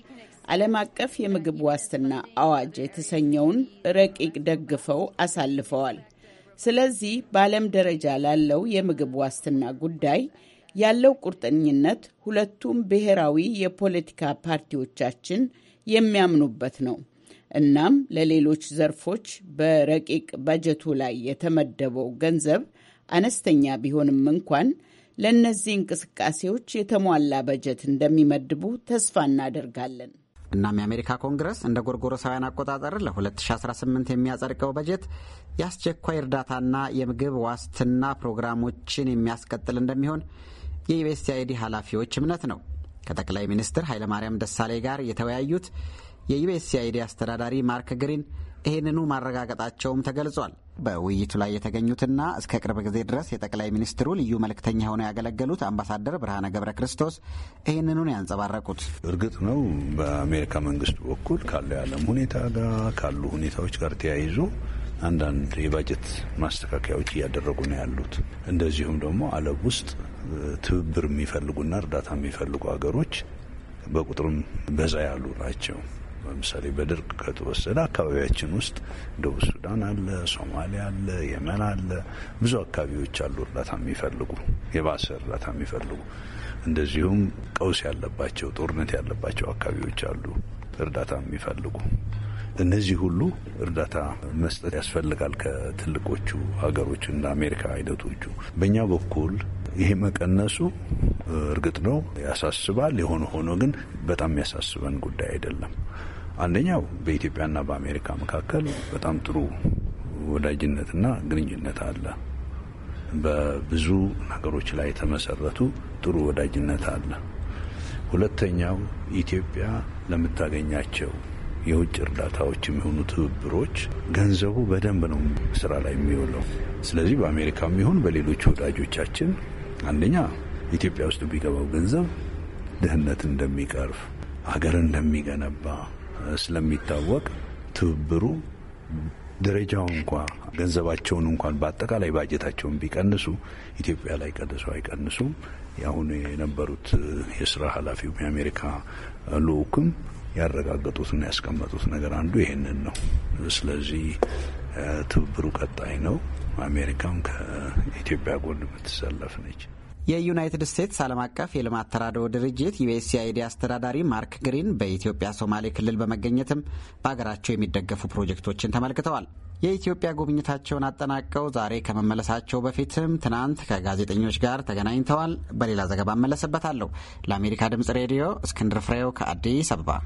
ዓለም አቀፍ የምግብ ዋስትና አዋጅ የተሰኘውን ረቂቅ ደግፈው አሳልፈዋል። ስለዚህ በዓለም ደረጃ ላለው የምግብ ዋስትና ጉዳይ ያለው ቁርጠኝነት ሁለቱም ብሔራዊ የፖለቲካ ፓርቲዎቻችን የሚያምኑበት ነው። እናም ለሌሎች ዘርፎች በረቂቅ በጀቱ ላይ የተመደበው ገንዘብ አነስተኛ ቢሆንም እንኳን ለእነዚህ እንቅስቃሴዎች የተሟላ በጀት እንደሚመድቡ ተስፋ እናደርጋለን። እናም የአሜሪካ ኮንግረስ እንደ ጎርጎሮሳውያን አቆጣጠር ለ2018 የሚያጸድቀው በጀት የአስቸኳይ እርዳታና የምግብ ዋስትና ፕሮግራሞችን የሚያስቀጥል እንደሚሆን የዩኤስአይዲ ኃላፊዎች እምነት ነው። ከጠቅላይ ሚኒስትር ኃይለማርያም ደሳሌ ጋር የተወያዩት የዩኤስአይዲ አስተዳዳሪ ማርክ ግሪን ይህንኑ ማረጋገጣቸውም ተገልጿል። በውይይቱ ላይ የተገኙትና እስከ ቅርብ ጊዜ ድረስ የጠቅላይ ሚኒስትሩ ልዩ መልእክተኛ ሆነው ያገለገሉት አምባሳደር ብርሃነ ገብረ ክርስቶስ ይህንኑን ያንጸባረቁት እርግጥ ነው በአሜሪካ መንግስት በኩል ካለው የዓለም ሁኔታ ጋር ካሉ ሁኔታዎች ጋር ተያይዞ አንዳንድ የባጀት ማስተካከያዎች እያደረጉ ነው ያሉት። እንደዚሁም ደግሞ ዓለም ውስጥ ትብብር የሚፈልጉና እርዳታ የሚፈልጉ ሀገሮች በቁጥርም በዛ ያሉ ናቸው። ለምሳሌ በድርቅ ከተወሰደ አካባቢያችን ውስጥ ደቡብ ሱዳን አለ፣ ሶማሊያ አለ፣ የመን አለ፣ ብዙ አካባቢዎች አሉ እርዳታ የሚፈልጉ የባሰ እርዳታ የሚፈልጉ እንደዚሁም ቀውስ ያለባቸው ጦርነት ያለባቸው አካባቢዎች አሉ እርዳታ የሚፈልጉ። እነዚህ ሁሉ እርዳታ መስጠት ያስፈልጋል። ከትልቆቹ ሀገሮች እንደ አሜሪካ አይነቶቹ በእኛ በኩል ይሄ መቀነሱ እርግጥ ነው ያሳስባል። የሆነ ሆኖ ግን በጣም የሚያሳስበን ጉዳይ አይደለም። አንደኛው በኢትዮጵያና በአሜሪካ መካከል በጣም ጥሩ ወዳጅነትና ግንኙነት አለ። በብዙ ነገሮች ላይ የተመሰረቱ ጥሩ ወዳጅነት አለ። ሁለተኛው ኢትዮጵያ ለምታገኛቸው የውጭ እርዳታዎች የሚሆኑ ትብብሮች ገንዘቡ በደንብ ነው ስራ ላይ የሚውለው። ስለዚህ በአሜሪካ የሚሆን በሌሎች ወዳጆቻችን አንደኛ ኢትዮጵያ ውስጥ የሚገባው ገንዘብ ድህነት እንደሚቀርፍ፣ ሀገር እንደሚገነባ ስለሚታወቅ ትብብሩ ደረጃው እንኳ ገንዘባቸውን እንኳን በአጠቃላይ ባጀታቸውን ቢቀንሱ ኢትዮጵያ ላይ ቀንሱ አይቀንሱም። የአሁኑ የነበሩት የስራ ኃላፊው የአሜሪካ ልዑክም ያረጋገጡትና ያስቀመጡት ነገር አንዱ ይሄንን ነው። ስለዚህ ትብብሩ ቀጣይ ነው። አሜሪካም ከኢትዮጵያ ጎን የምትሰለፍ ነች። የዩናይትድ ስቴትስ ዓለም አቀፍ የልማት ተራድኦ ድርጅት ዩኤስኤአይዲ አስተዳዳሪ ማርክ ግሪን በኢትዮጵያ ሶማሌ ክልል በመገኘትም በሀገራቸው የሚደገፉ ፕሮጀክቶችን ተመልክተዋል። የኢትዮጵያ ጉብኝታቸውን አጠናቀው ዛሬ ከመመለሳቸው በፊትም ትናንት ከጋዜጠኞች ጋር ተገናኝተዋል። በሌላ ዘገባ እመለስበታለሁ። ለአሜሪካ ድምጽ ሬዲዮ እስክንድር ፍሬው ከአዲስ አበባ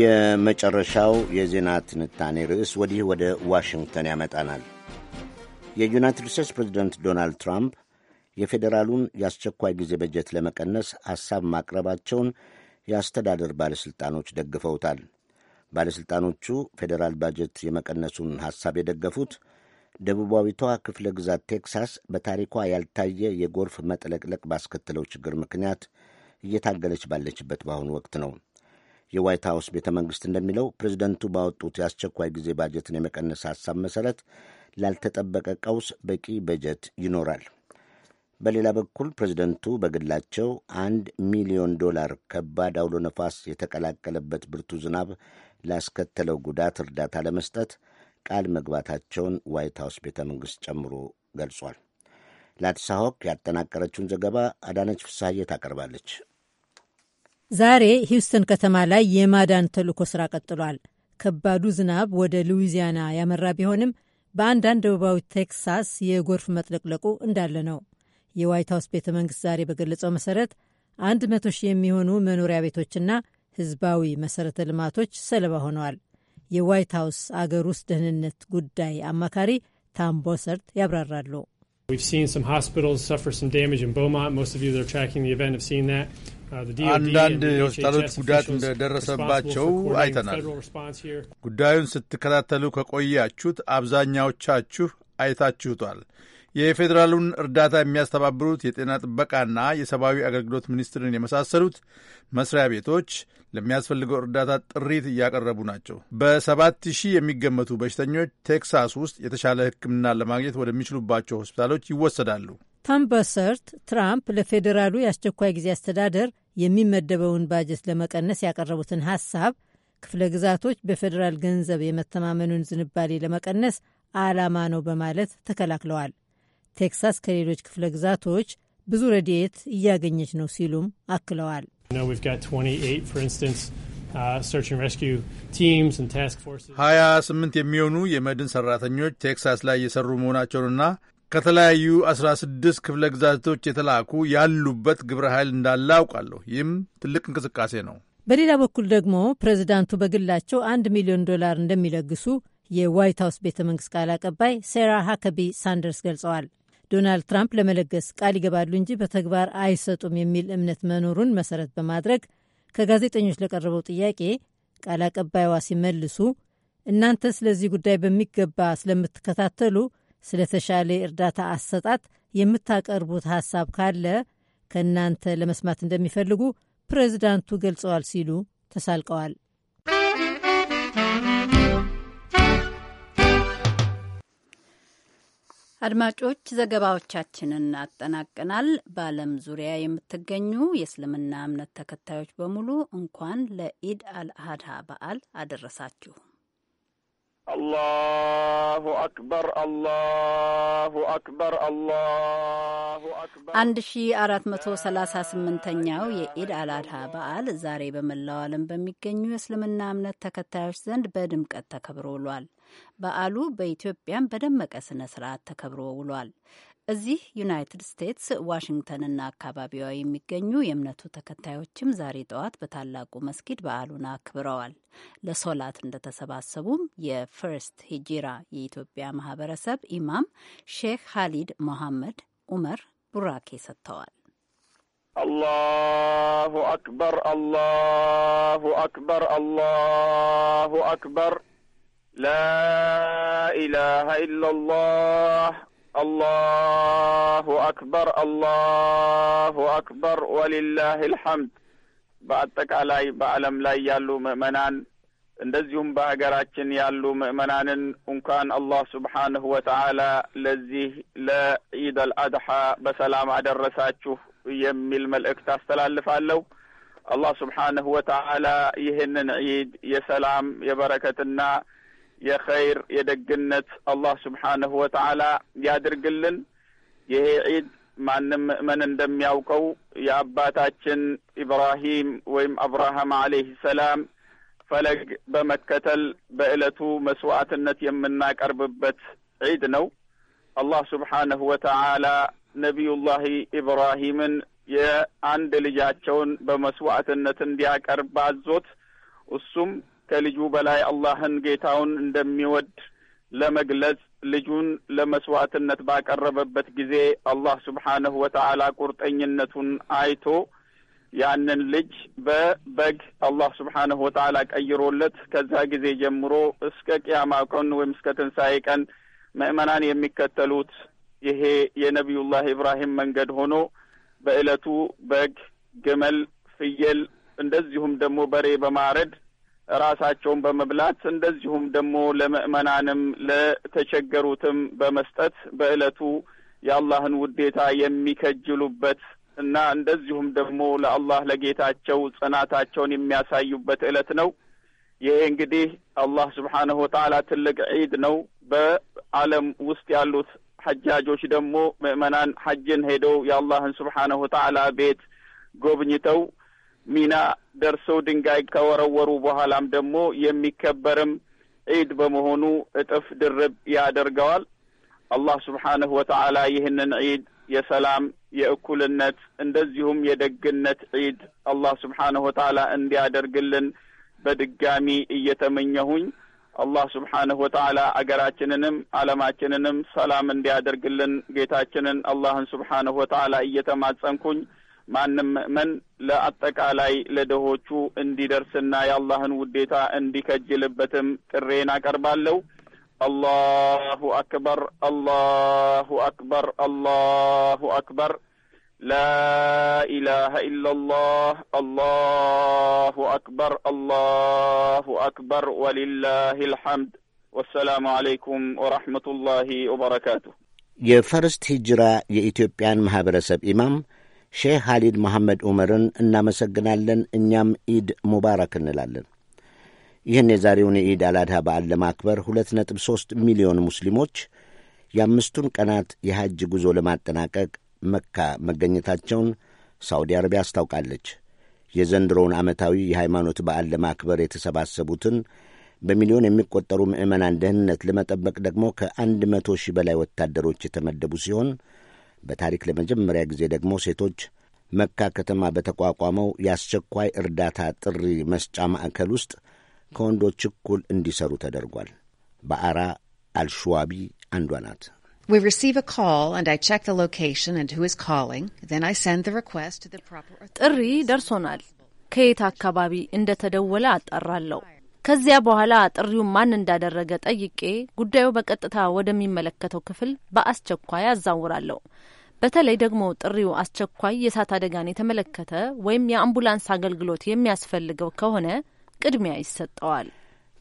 የመጨረሻው የዜና ትንታኔ ርዕስ ወዲህ ወደ ዋሽንግተን ያመጣናል። የዩናይትድ ስቴትስ ፕሬዚደንት ዶናልድ ትራምፕ የፌዴራሉን የአስቸኳይ ጊዜ በጀት ለመቀነስ ሐሳብ ማቅረባቸውን የአስተዳደር ባለሥልጣኖች ደግፈውታል። ባለሥልጣኖቹ ፌዴራል ባጀት የመቀነሱን ሐሳብ የደገፉት ደቡባዊቷ ክፍለ ግዛት ቴክሳስ በታሪኳ ያልታየ የጎርፍ መጥለቅለቅ ባስከተለው ችግር ምክንያት እየታገለች ባለችበት በአሁኑ ወቅት ነው። የዋይት ሀውስ ቤተ መንግሥት እንደሚለው ፕሬዚደንቱ ባወጡት የአስቸኳይ ጊዜ ባጀትን የመቀነስ ሐሳብ መሠረት ላልተጠበቀ ቀውስ በቂ በጀት ይኖራል። በሌላ በኩል ፕሬዚደንቱ በግላቸው አንድ ሚሊዮን ዶላር ከባድ አውሎ ነፋስ የተቀላቀለበት ብርቱ ዝናብ ላስከተለው ጉዳት እርዳታ ለመስጠት ቃል መግባታቸውን ዋይት ሀውስ ቤተ መንግሥት ጨምሮ ገልጿል። ላቲሳ ሆክ ያጠናቀረችውን ዘገባ አዳነች ፍሳሐዬ ታቀርባለች። ዛሬ ሂውስተን ከተማ ላይ የማዳን ተልእኮ ስራ ቀጥሏል። ከባዱ ዝናብ ወደ ሉዊዚያና ያመራ ቢሆንም በአንዳንድ ደቡባዊ ቴክሳስ የጎርፍ መጥለቅለቁ እንዳለ ነው። የዋይት ሀውስ ቤተ መንግስት ዛሬ በገለጸው መሰረት አንድ መቶ ሺህ የሚሆኑ መኖሪያ ቤቶችና ህዝባዊ መሰረተ ልማቶች ሰለባ ሆነዋል። የዋይት ሀውስ አገር ውስጥ ደህንነት ጉዳይ አማካሪ ታም ቦሰርት ያብራራሉ። አንዳንድ ሆስፒታሎች ጉዳት እንደደረሰባቸው አይተናል። ጉዳዩን ስትከታተሉ ከቆያችሁት አብዛኛዎቻችሁ አይታችሁቷል። የፌዴራሉን እርዳታ የሚያስተባብሩት የጤና ጥበቃና የሰብአዊ አገልግሎት ሚኒስትርን የመሳሰሉት መስሪያ ቤቶች ለሚያስፈልገው እርዳታ ጥሪት እያቀረቡ ናቸው። በሰባት ሺህ የሚገመቱ በሽተኞች ቴክሳስ ውስጥ የተሻለ ሕክምና ለማግኘት ወደሚችሉባቸው ሆስፒታሎች ይወሰዳሉ። ታም በሰርት ትራምፕ ለፌዴራሉ የአስቸኳይ ጊዜ አስተዳደር የሚመደበውን ባጀት ለመቀነስ ያቀረቡትን ሀሳብ ክፍለ ግዛቶች በፌዴራል ገንዘብ የመተማመኑን ዝንባሌ ለመቀነስ ዓላማ ነው በማለት ተከላክለዋል። ቴክሳስ ከሌሎች ክፍለ ግዛቶች ብዙ ረድኤት እያገኘች ነው ሲሉም አክለዋል። ሀያ ስምንት የሚሆኑ የመድን ሰራተኞች ቴክሳስ ላይ እየሰሩ መሆናቸውንና ከተለያዩ 16 ክፍለ ግዛቶች የተላኩ ያሉበት ግብረ ኃይል እንዳለ አውቃለሁ። ይህም ትልቅ እንቅስቃሴ ነው። በሌላ በኩል ደግሞ ፕሬዚዳንቱ በግላቸው አንድ ሚሊዮን ዶላር እንደሚለግሱ የዋይት ሀውስ ቤተ መንግስት ቃል አቀባይ ሴራ ሀከቢ ሳንደርስ ገልጸዋል። ዶናልድ ትራምፕ ለመለገስ ቃል ይገባሉ እንጂ በተግባር አይሰጡም የሚል እምነት መኖሩን መሰረት በማድረግ ከጋዜጠኞች ለቀረበው ጥያቄ ቃል አቀባይዋ ሲመልሱ እናንተ ስለዚህ ጉዳይ በሚገባ ስለምትከታተሉ ስለተሻለ እርዳታ አሰጣጥ የምታቀርቡት ሀሳብ ካለ ከእናንተ ለመስማት እንደሚፈልጉ ፕሬዚዳንቱ ገልጸዋል ሲሉ ተሳልቀዋል። አድማጮች ዘገባዎቻችንን አጠናቀናል። በዓለም ዙሪያ የምትገኙ የእስልምና እምነት ተከታዮች በሙሉ እንኳን ለኢድ አልአድሃ በዓል አደረሳችሁ። አላሁ አክበር አላሁ አክበር አላሁ አክበር። አንድ ሺ አራት መቶ ሰላሳ ስምንተኛው የኢድ አልአድሃ በዓል ዛሬ በመላው ዓለም በሚገኙ የእስልምና እምነት ተከታዮች ዘንድ በድምቀት ተከብሮ ውሏል። በዓሉ በኢትዮጵያም በደመቀ ስነ ስርዓት ተከብሮ ውሏል። እዚህ ዩናይትድ ስቴትስ ዋሽንግተንና አካባቢዋ የሚገኙ የእምነቱ ተከታዮችም ዛሬ ጠዋት በታላቁ መስጊድ በዓሉን አክብረዋል። ለሶላት እንደተሰባሰቡም የፈርስት ሂጂራ የኢትዮጵያ ማህበረሰብ ኢማም ሼክ ሀሊድ ሞሐመድ ኡመር ቡራኬ ሰጥተዋል። አላሁ አክበር፣ አላሁ አክበር፣ አላሁ አክበር لا إله إلا الله الله أكبر الله أكبر ولله الحمد በአጠቃላይ በዓለም ላይ ያሉ ምዕመናን እንደዚሁም በሀገራችን ያሉ ምዕመናንን እንኳን አላህ ስብሓንሁ ወተዓላ ለዚህ ለኢድ አልአድሓ በሰላም አደረሳችሁ የሚል መልእክት አስተላልፋለሁ። አላህ ስብሓንሁ ወተዓላ ይህንን ዒድ የሰላም የበረከትና የኸይር የደግነት አላህ ስብሓንሁ ወተዓላ ያድርግልን። ይሄ ዒድ ማንም ምእመን እንደሚያውቀው የአባታችን ኢብራሂም ወይም አብርሃም አለይህ ሰላም ፈለግ በመከተል በዕለቱ መስዋዕትነት የምናቀርብበት ዒድ ነው። አላህ ስብሓንሁ ወተዓላ ነቢዩላህ ኢብራሂምን የአንድ ልጃቸውን በመስዋዕትነት እንዲያቀርብ አዞት እሱም ከልጁ በላይ አላህን ጌታውን እንደሚወድ ለመግለጽ ልጁን ለመስዋዕትነት ባቀረበበት ጊዜ አላህ ስብሓነሁ ወተዓላ ቁርጠኝነቱን አይቶ ያንን ልጅ በበግ አላህ ስብሓነሁ ወተዓላ ቀይሮለት ከዛ ጊዜ ጀምሮ እስከ ቅያማ ቀን ወይም እስከ ትንሣኤ ቀን ምእመናን የሚከተሉት ይሄ የነቢዩላህ ኢብራሂም መንገድ ሆኖ በዕለቱ በግ፣ ግመል፣ ፍየል እንደዚሁም ደግሞ በሬ በማረድ ራሳቸውን በመብላት እንደዚሁም ደግሞ ለምእመናንም ለተቸገሩትም በመስጠት በእለቱ የአላህን ውዴታ የሚከጅሉበት እና እንደዚሁም ደግሞ ለአላህ ለጌታቸው ጽናታቸውን የሚያሳዩበት እለት ነው። ይሄ እንግዲህ አላህ ስብሓንሁ ወተዓላ ትልቅ ዒድ ነው። በዓለም ውስጥ ያሉት ሐጃጆች ደግሞ ምእመናን ሐጅን ሄደው የአላህን ስብሓንሁ ወተዓላ ቤት ጎብኝተው ሚና ደርሰው ድንጋይ ከወረወሩ በኋላም ደግሞ የሚከበርም ዒድ በመሆኑ እጥፍ ድርብ ያደርገዋል። አላህ ስብሓንሁ ወተዓላ ይህንን ዒድ የሰላም የእኩልነት እንደዚሁም የደግነት ዒድ አላህ ስብሓንሁ ወተዓላ እንዲያደርግልን በድጋሚ እየተመኘሁኝ አላህ ስብሓንሁ ወተዓላ አገራችንንም ዓለማችንንም ሰላም እንዲያደርግልን ጌታችንን አላህን ስብሓንሁ ወተዓላ እየተማጸንኩኝ ማንም መን ለአጠቃላይ ለድሆቹ እንዲደርስና የአላህን ውዴታ እንዲከጅልበትም ጥሬን አቀርባለሁ። አላሁ አክበር፣ አላሁ አክበር፣ አላሁ አክበር፣ ላኢላሀ ኢለላህ፣ አላሁ አክበር፣ አላሁ አክበር፣ ወሊላሂ ልሐምድ። ወሰላሙ አለይኩም ወረሕመቱላሂ ወበረካቱ። የፈርስት ሂጅራ የኢትዮጵያን ማህበረሰብ ኢማም ሼህ ሀሊድ መሐመድ ዑመርን እናመሰግናለን። እኛም ኢድ ሙባረክ እንላለን። ይህን የዛሬውን የኢድ አላድሃ በዓል ለማክበር ሁለት ነጥብ ሦስት ሚሊዮን ሙስሊሞች የአምስቱን ቀናት የሐጅ ጉዞ ለማጠናቀቅ መካ መገኘታቸውን ሳውዲ አረቢያ አስታውቃለች። የዘንድሮውን ዓመታዊ የሃይማኖት በዓል ለማክበር የተሰባሰቡትን በሚሊዮን የሚቆጠሩ ምዕመናን ደህንነት ለመጠበቅ ደግሞ ከአንድ መቶ ሺህ በላይ ወታደሮች የተመደቡ ሲሆን በታሪክ ለመጀመሪያ ጊዜ ደግሞ ሴቶች መካ ከተማ በተቋቋመው የአስቸኳይ እርዳታ ጥሪ መስጫ ማዕከል ውስጥ ከወንዶች እኩል እንዲሰሩ ተደርጓል። በአራ አልሸዋቢ አንዷ ናት። ጥሪ ደርሶናል። ከየት አካባቢ እንደተደወለ አጣራለሁ። ከዚያ በኋላ ጥሪውን ማን እንዳደረገ ጠይቄ ጉዳዩ በቀጥታ ወደሚመለከተው ክፍል በአስቸኳይ አዛውራለሁ። በተለይ ደግሞ ጥሪው አስቸኳይ የእሳት አደጋን የተመለከተ ወይም የአምቡላንስ አገልግሎት የሚያስፈልገው ከሆነ ቅድሚያ ይሰጠዋል።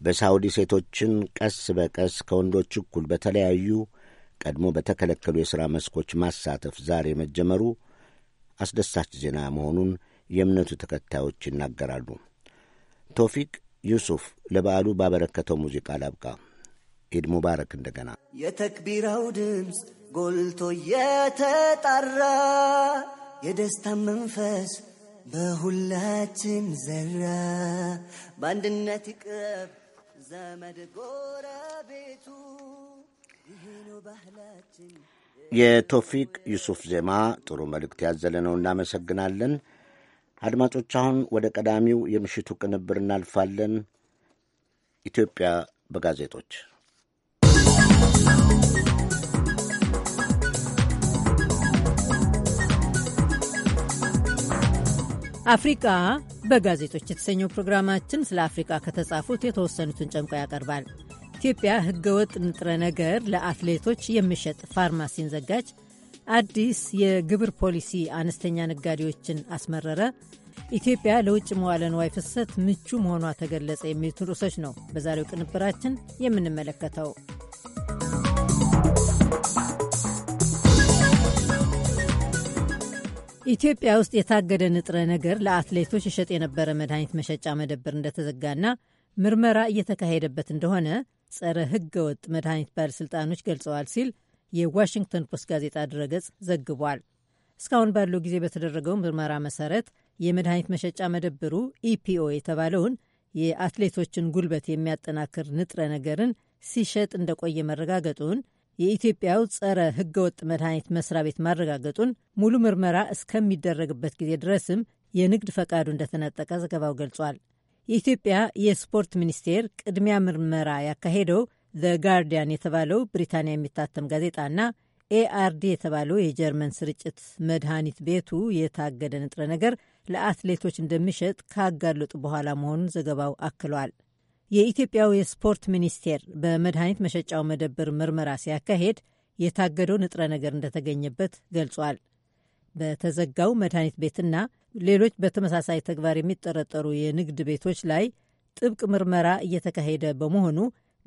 በሳውዲ ሴቶችን ቀስ በቀስ ከወንዶች እኩል በተለያዩ ቀድሞ በተከለከሉ የሥራ መስኮች ማሳተፍ ዛሬ መጀመሩ አስደሳች ዜና መሆኑን የእምነቱ ተከታዮች ይናገራሉ። ቶፊቅ ዩሱፍ ለበዓሉ ባበረከተው ሙዚቃ ላብቃ። ኢድ ሙባረክ። እንደገና የተክቢራው ድምፅ ጎልቶ የተጣራ የደስታ መንፈስ በሁላችን ዘራ። በአንድነት ይቅረብ ዘመድ ጎረቤቱ፣ ይሄ ባህላችን። የቶፊቅ ዩሱፍ ዜማ ጥሩ መልእክት ያዘለ ነው። እናመሰግናለን። አድማጮች፣ አሁን ወደ ቀዳሚው የምሽቱ ቅንብር እናልፋለን። ኢትዮጵያ በጋዜጦች አፍሪቃ በጋዜጦች የተሰኘው ፕሮግራማችን ስለ አፍሪቃ ከተጻፉት የተወሰኑትን ጨምቆ ያቀርባል። ኢትዮጵያ ሕገወጥ ንጥረ ነገር ለአትሌቶች የሚሸጥ ፋርማሲን ዘጋች። አዲስ የግብር ፖሊሲ አነስተኛ ነጋዴዎችን አስመረረ፣ ኢትዮጵያ ለውጭ መዋለ ንዋይ ፍሰት ምቹ መሆኗ ተገለጸ የሚሉት ርዕሶች ነው በዛሬው ቅንብራችን የምንመለከተው። ኢትዮጵያ ውስጥ የታገደ ንጥረ ነገር ለአትሌቶች ይሸጥ የነበረ መድኃኒት መሸጫ መደብር እንደተዘጋና ምርመራ እየተካሄደበት እንደሆነ ጸረ ሕገ ወጥ መድኃኒት ባለሥልጣኖች ገልጸዋል ሲል የዋሽንግተን ፖስት ጋዜጣ ድረገጽ ዘግቧል። እስካሁን ባለው ጊዜ በተደረገው ምርመራ መሰረት የመድኃኒት መሸጫ መደብሩ ኢፒኦ የተባለውን የአትሌቶችን ጉልበት የሚያጠናክር ንጥረ ነገርን ሲሸጥ እንደቆየ መረጋገጡን የኢትዮጵያው ጸረ ሕገወጥ መድኃኒት መስሪያ ቤት ማረጋገጡን ሙሉ ምርመራ እስከሚደረግበት ጊዜ ድረስም የንግድ ፈቃዱ እንደተነጠቀ ዘገባው ገልጿል። የኢትዮጵያ የስፖርት ሚኒስቴር ቅድሚያ ምርመራ ያካሄደው ዘ ጋርዲያን የተባለው ብሪታንያ የሚታተም ጋዜጣና ኤአርዲ የተባለው የጀርመን ስርጭት መድኃኒት ቤቱ የታገደ ንጥረ ነገር ለአትሌቶች እንደሚሸጥ ካጋለጡ በኋላ መሆኑን ዘገባው አክሏል። የኢትዮጵያው የስፖርት ሚኒስቴር በመድኃኒት መሸጫው መደብር ምርመራ ሲያካሄድ የታገደው ንጥረ ነገር እንደተገኘበት ገልጿል። በተዘጋው መድኃኒት ቤትና ሌሎች በተመሳሳይ ተግባር የሚጠረጠሩ የንግድ ቤቶች ላይ ጥብቅ ምርመራ እየተካሄደ በመሆኑ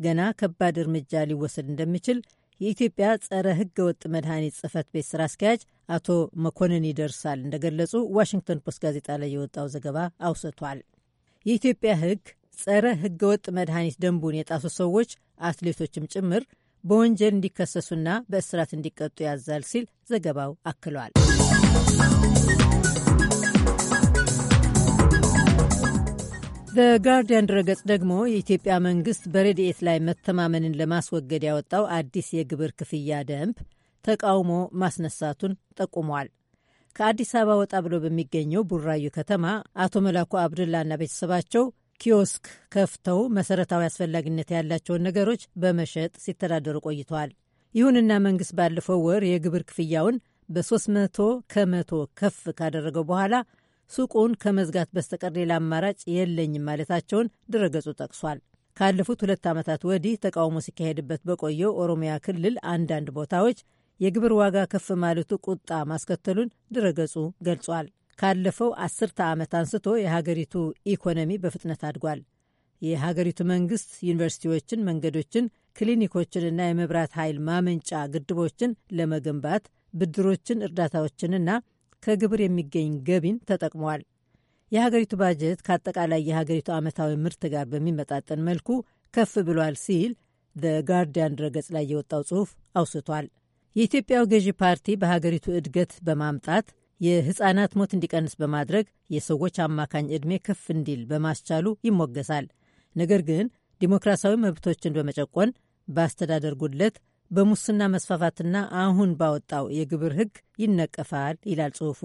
ገና ከባድ እርምጃ ሊወሰድ እንደሚችል የኢትዮጵያ ጸረ ሕገ ወጥ መድኃኒት ጽህፈት ቤት ስራ አስኪያጅ አቶ መኮንን ይደርሳል እንደገለጹ ዋሽንግተን ፖስት ጋዜጣ ላይ የወጣው ዘገባ አውስቷል። የኢትዮጵያ ሕግ ጸረ ሕገ ወጥ መድኃኒት ደንቡን የጣሱ ሰዎች አትሌቶችም ጭምር በወንጀል እንዲከሰሱና በእስራት እንዲቀጡ ያዛል ሲል ዘገባው አክሏል። በጋርዲያን ድረገጽ ደግሞ የኢትዮጵያ መንግስት በረድኤት ላይ መተማመንን ለማስወገድ ያወጣው አዲስ የግብር ክፍያ ደንብ ተቃውሞ ማስነሳቱን ጠቁሟል። ከአዲስ አበባ ወጣ ብሎ በሚገኘው ቡራዩ ከተማ አቶ መላኩ አብዱላና ቤተሰባቸው ኪዮስክ ከፍተው መሰረታዊ አስፈላጊነት ያላቸውን ነገሮች በመሸጥ ሲተዳደሩ ቆይተዋል። ይሁንና መንግስት ባለፈው ወር የግብር ክፍያውን በ300 ከመቶ ከፍ ካደረገው በኋላ ሱቁን ከመዝጋት በስተቀር ሌላ አማራጭ የለኝም ማለታቸውን ድረገጹ ጠቅሷል። ካለፉት ሁለት ዓመታት ወዲህ ተቃውሞ ሲካሄድበት በቆየው ኦሮሚያ ክልል አንዳንድ ቦታዎች የግብር ዋጋ ከፍ ማለቱ ቁጣ ማስከተሉን ድረገጹ ገልጿል። ካለፈው አስርተ ዓመት አንስቶ የሀገሪቱ ኢኮኖሚ በፍጥነት አድጓል። የሀገሪቱ መንግስት ዩኒቨርሲቲዎችን፣ መንገዶችን፣ ክሊኒኮችንና የመብራት ኃይል ማመንጫ ግድቦችን ለመገንባት ብድሮችን፣ እርዳታዎችንና ከግብር የሚገኝ ገቢን ተጠቅሟል። የሀገሪቱ ባጀት ከአጠቃላይ የሀገሪቱ ዓመታዊ ምርት ጋር በሚመጣጠን መልኩ ከፍ ብሏል ሲል ጋርዲያን ድረገጽ ላይ የወጣው ጽሑፍ አውስቷል። የኢትዮጵያው ገዢ ፓርቲ በሀገሪቱ እድገት በማምጣት የህፃናት ሞት እንዲቀንስ በማድረግ የሰዎች አማካኝ ዕድሜ ከፍ እንዲል በማስቻሉ ይሞገሳል። ነገር ግን ዲሞክራሲያዊ መብቶችን በመጨቆን በአስተዳደር ጉድለት በሙስና መስፋፋትና አሁን ባወጣው የግብር ሕግ ይነቀፋል ይላል ጽሑፉ።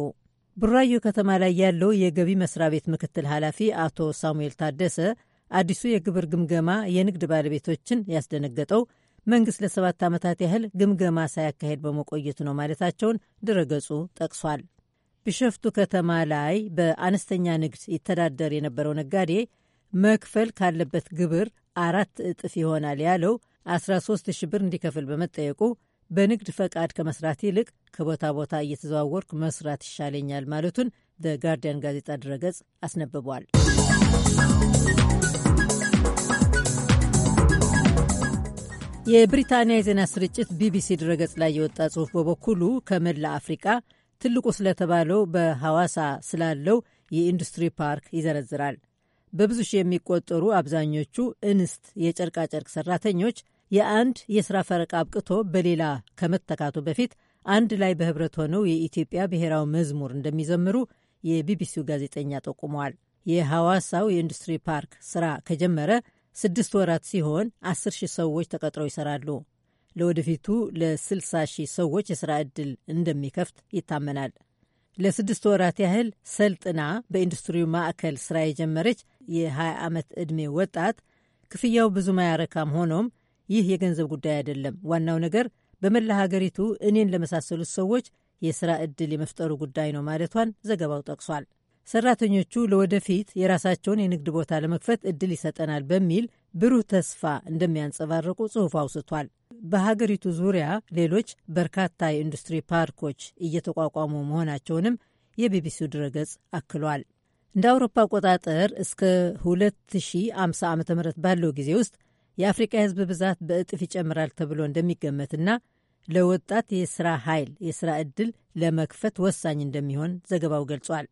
ቡራዩ ከተማ ላይ ያለው የገቢ መስሪያ ቤት ምክትል ኃላፊ አቶ ሳሙኤል ታደሰ አዲሱ የግብር ግምገማ የንግድ ባለቤቶችን ያስደነገጠው መንግሥት ለሰባት ዓመታት ያህል ግምገማ ሳያካሄድ በመቆየቱ ነው ማለታቸውን ድረገጹ ጠቅሷል። ቢሸፍቱ ከተማ ላይ በአነስተኛ ንግድ ይተዳደር የነበረው ነጋዴ መክፈል ካለበት ግብር አራት እጥፍ ይሆናል ያለው 13,000 ብር እንዲከፍል በመጠየቁ በንግድ ፈቃድ ከመስራት ይልቅ ከቦታ ቦታ እየተዘዋወርኩ መስራት ይሻለኛል ማለቱን ዘ ጋርዲያን ጋዜጣ ድረገጽ አስነብቧል። የብሪታንያ የዜና ስርጭት ቢቢሲ ድረገጽ ላይ የወጣ ጽሑፍ በበኩሉ ከመላ አፍሪቃ ትልቁ ስለተባለው በሐዋሳ ስላለው የኢንዱስትሪ ፓርክ ይዘረዝራል። በብዙ ሺህ የሚቆጠሩ አብዛኞቹ እንስት የጨርቃጨርቅ ሰራተኞች የአንድ የሥራ ፈረቃ አብቅቶ በሌላ ከመተካቱ በፊት አንድ ላይ በህብረት ሆነው የኢትዮጵያ ብሔራዊ መዝሙር እንደሚዘምሩ የቢቢሲው ጋዜጠኛ ጠቁመዋል። የሐዋሳው የኢንዱስትሪ ፓርክ ስራ ከጀመረ ስድስት ወራት ሲሆን አስር ሺህ ሰዎች ተቀጥረው ይሰራሉ። ለወደፊቱ ለስልሳ ሺህ ሰዎች የሥራ ዕድል እንደሚከፍት ይታመናል። ለስድስት ወራት ያህል ሰልጥና በኢንዱስትሪው ማዕከል ስራ የጀመረች የ20 ዓመት ዕድሜ ወጣት ክፍያው ብዙ ማያረካም ሆኖም ይህ የገንዘብ ጉዳይ አይደለም። ዋናው ነገር በመላ ሀገሪቱ እኔን ለመሳሰሉት ሰዎች የስራ ዕድል የመፍጠሩ ጉዳይ ነው ማለቷን ዘገባው ጠቅሷል። ሰራተኞቹ ለወደፊት የራሳቸውን የንግድ ቦታ ለመክፈት እድል ይሰጠናል በሚል ብሩህ ተስፋ እንደሚያንጸባርቁ ጽሑፍ አውስቷል። በሀገሪቱ ዙሪያ ሌሎች በርካታ የኢንዱስትሪ ፓርኮች እየተቋቋሙ መሆናቸውንም የቢቢሲው ድረገጽ አክሏል። እንደ አውሮፓ አቆጣጠር እስከ 2050 ዓ ም ባለው ጊዜ ውስጥ የአፍሪቃ ህዝብ ብዛት በእጥፍ ይጨምራል ተብሎ እንደሚገመትና ለወጣት የስራ ኃይል የስራ ዕድል ለመክፈት ወሳኝ እንደሚሆን ዘገባው ገልጿል።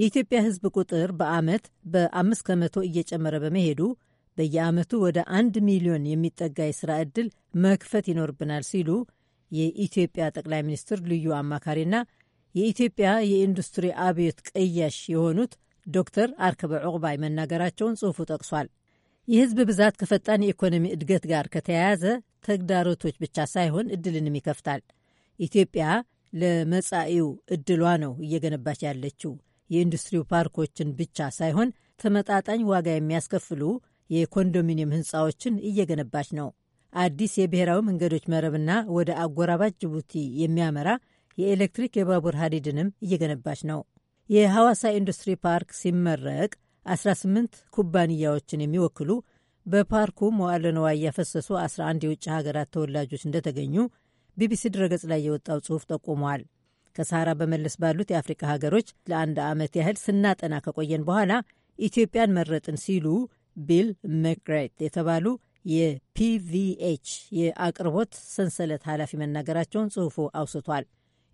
የኢትዮጵያ ህዝብ ቁጥር በዓመት በአምስት ከመቶ እየጨመረ በመሄዱ በየዓመቱ ወደ አንድ ሚሊዮን የሚጠጋ የስራ ዕድል መክፈት ይኖርብናል ሲሉ የኢትዮጵያ ጠቅላይ ሚኒስትር ልዩ አማካሪና የኢትዮጵያ የኢንዱስትሪ አብዮት ቀያሽ የሆኑት ዶክተር አርከበ ዕቁባይ መናገራቸውን ጽሑፉ ጠቅሷል። የህዝብ ብዛት ከፈጣን የኢኮኖሚ እድገት ጋር ከተያያዘ ተግዳሮቶች ብቻ ሳይሆን እድልንም ይከፍታል። ኢትዮጵያ ለመጻኢው እድሏ ነው እየገነባች ያለችው የኢንዱስትሪ ፓርኮችን ብቻ ሳይሆን ተመጣጣኝ ዋጋ የሚያስከፍሉ የኮንዶሚኒየም ህንፃዎችን እየገነባች ነው። አዲስ የብሔራዊ መንገዶች መረብና ወደ አጎራባች ጅቡቲ የሚያመራ የኤሌክትሪክ የባቡር ሀዲድንም እየገነባች ነው። የሐዋሳ ኢንዱስትሪ ፓርክ ሲመረቅ 18 ኩባንያዎችን የሚወክሉ በፓርኩ መዋለ ንዋይ ያፈሰሱ 11 የውጭ ሀገራት ተወላጆች እንደተገኙ ቢቢሲ ድረገጽ ላይ የወጣው ጽሑፍ ጠቁመዋል። ከሰሃራ በመለስ ባሉት የአፍሪካ ሀገሮች ለአንድ ዓመት ያህል ስናጠና ከቆየን በኋላ ኢትዮጵያን መረጥን ሲሉ ቢል መክሬት የተባሉ የፒቪኤች የአቅርቦት ሰንሰለት ኃላፊ መናገራቸውን ጽሑፉ አውስቷል።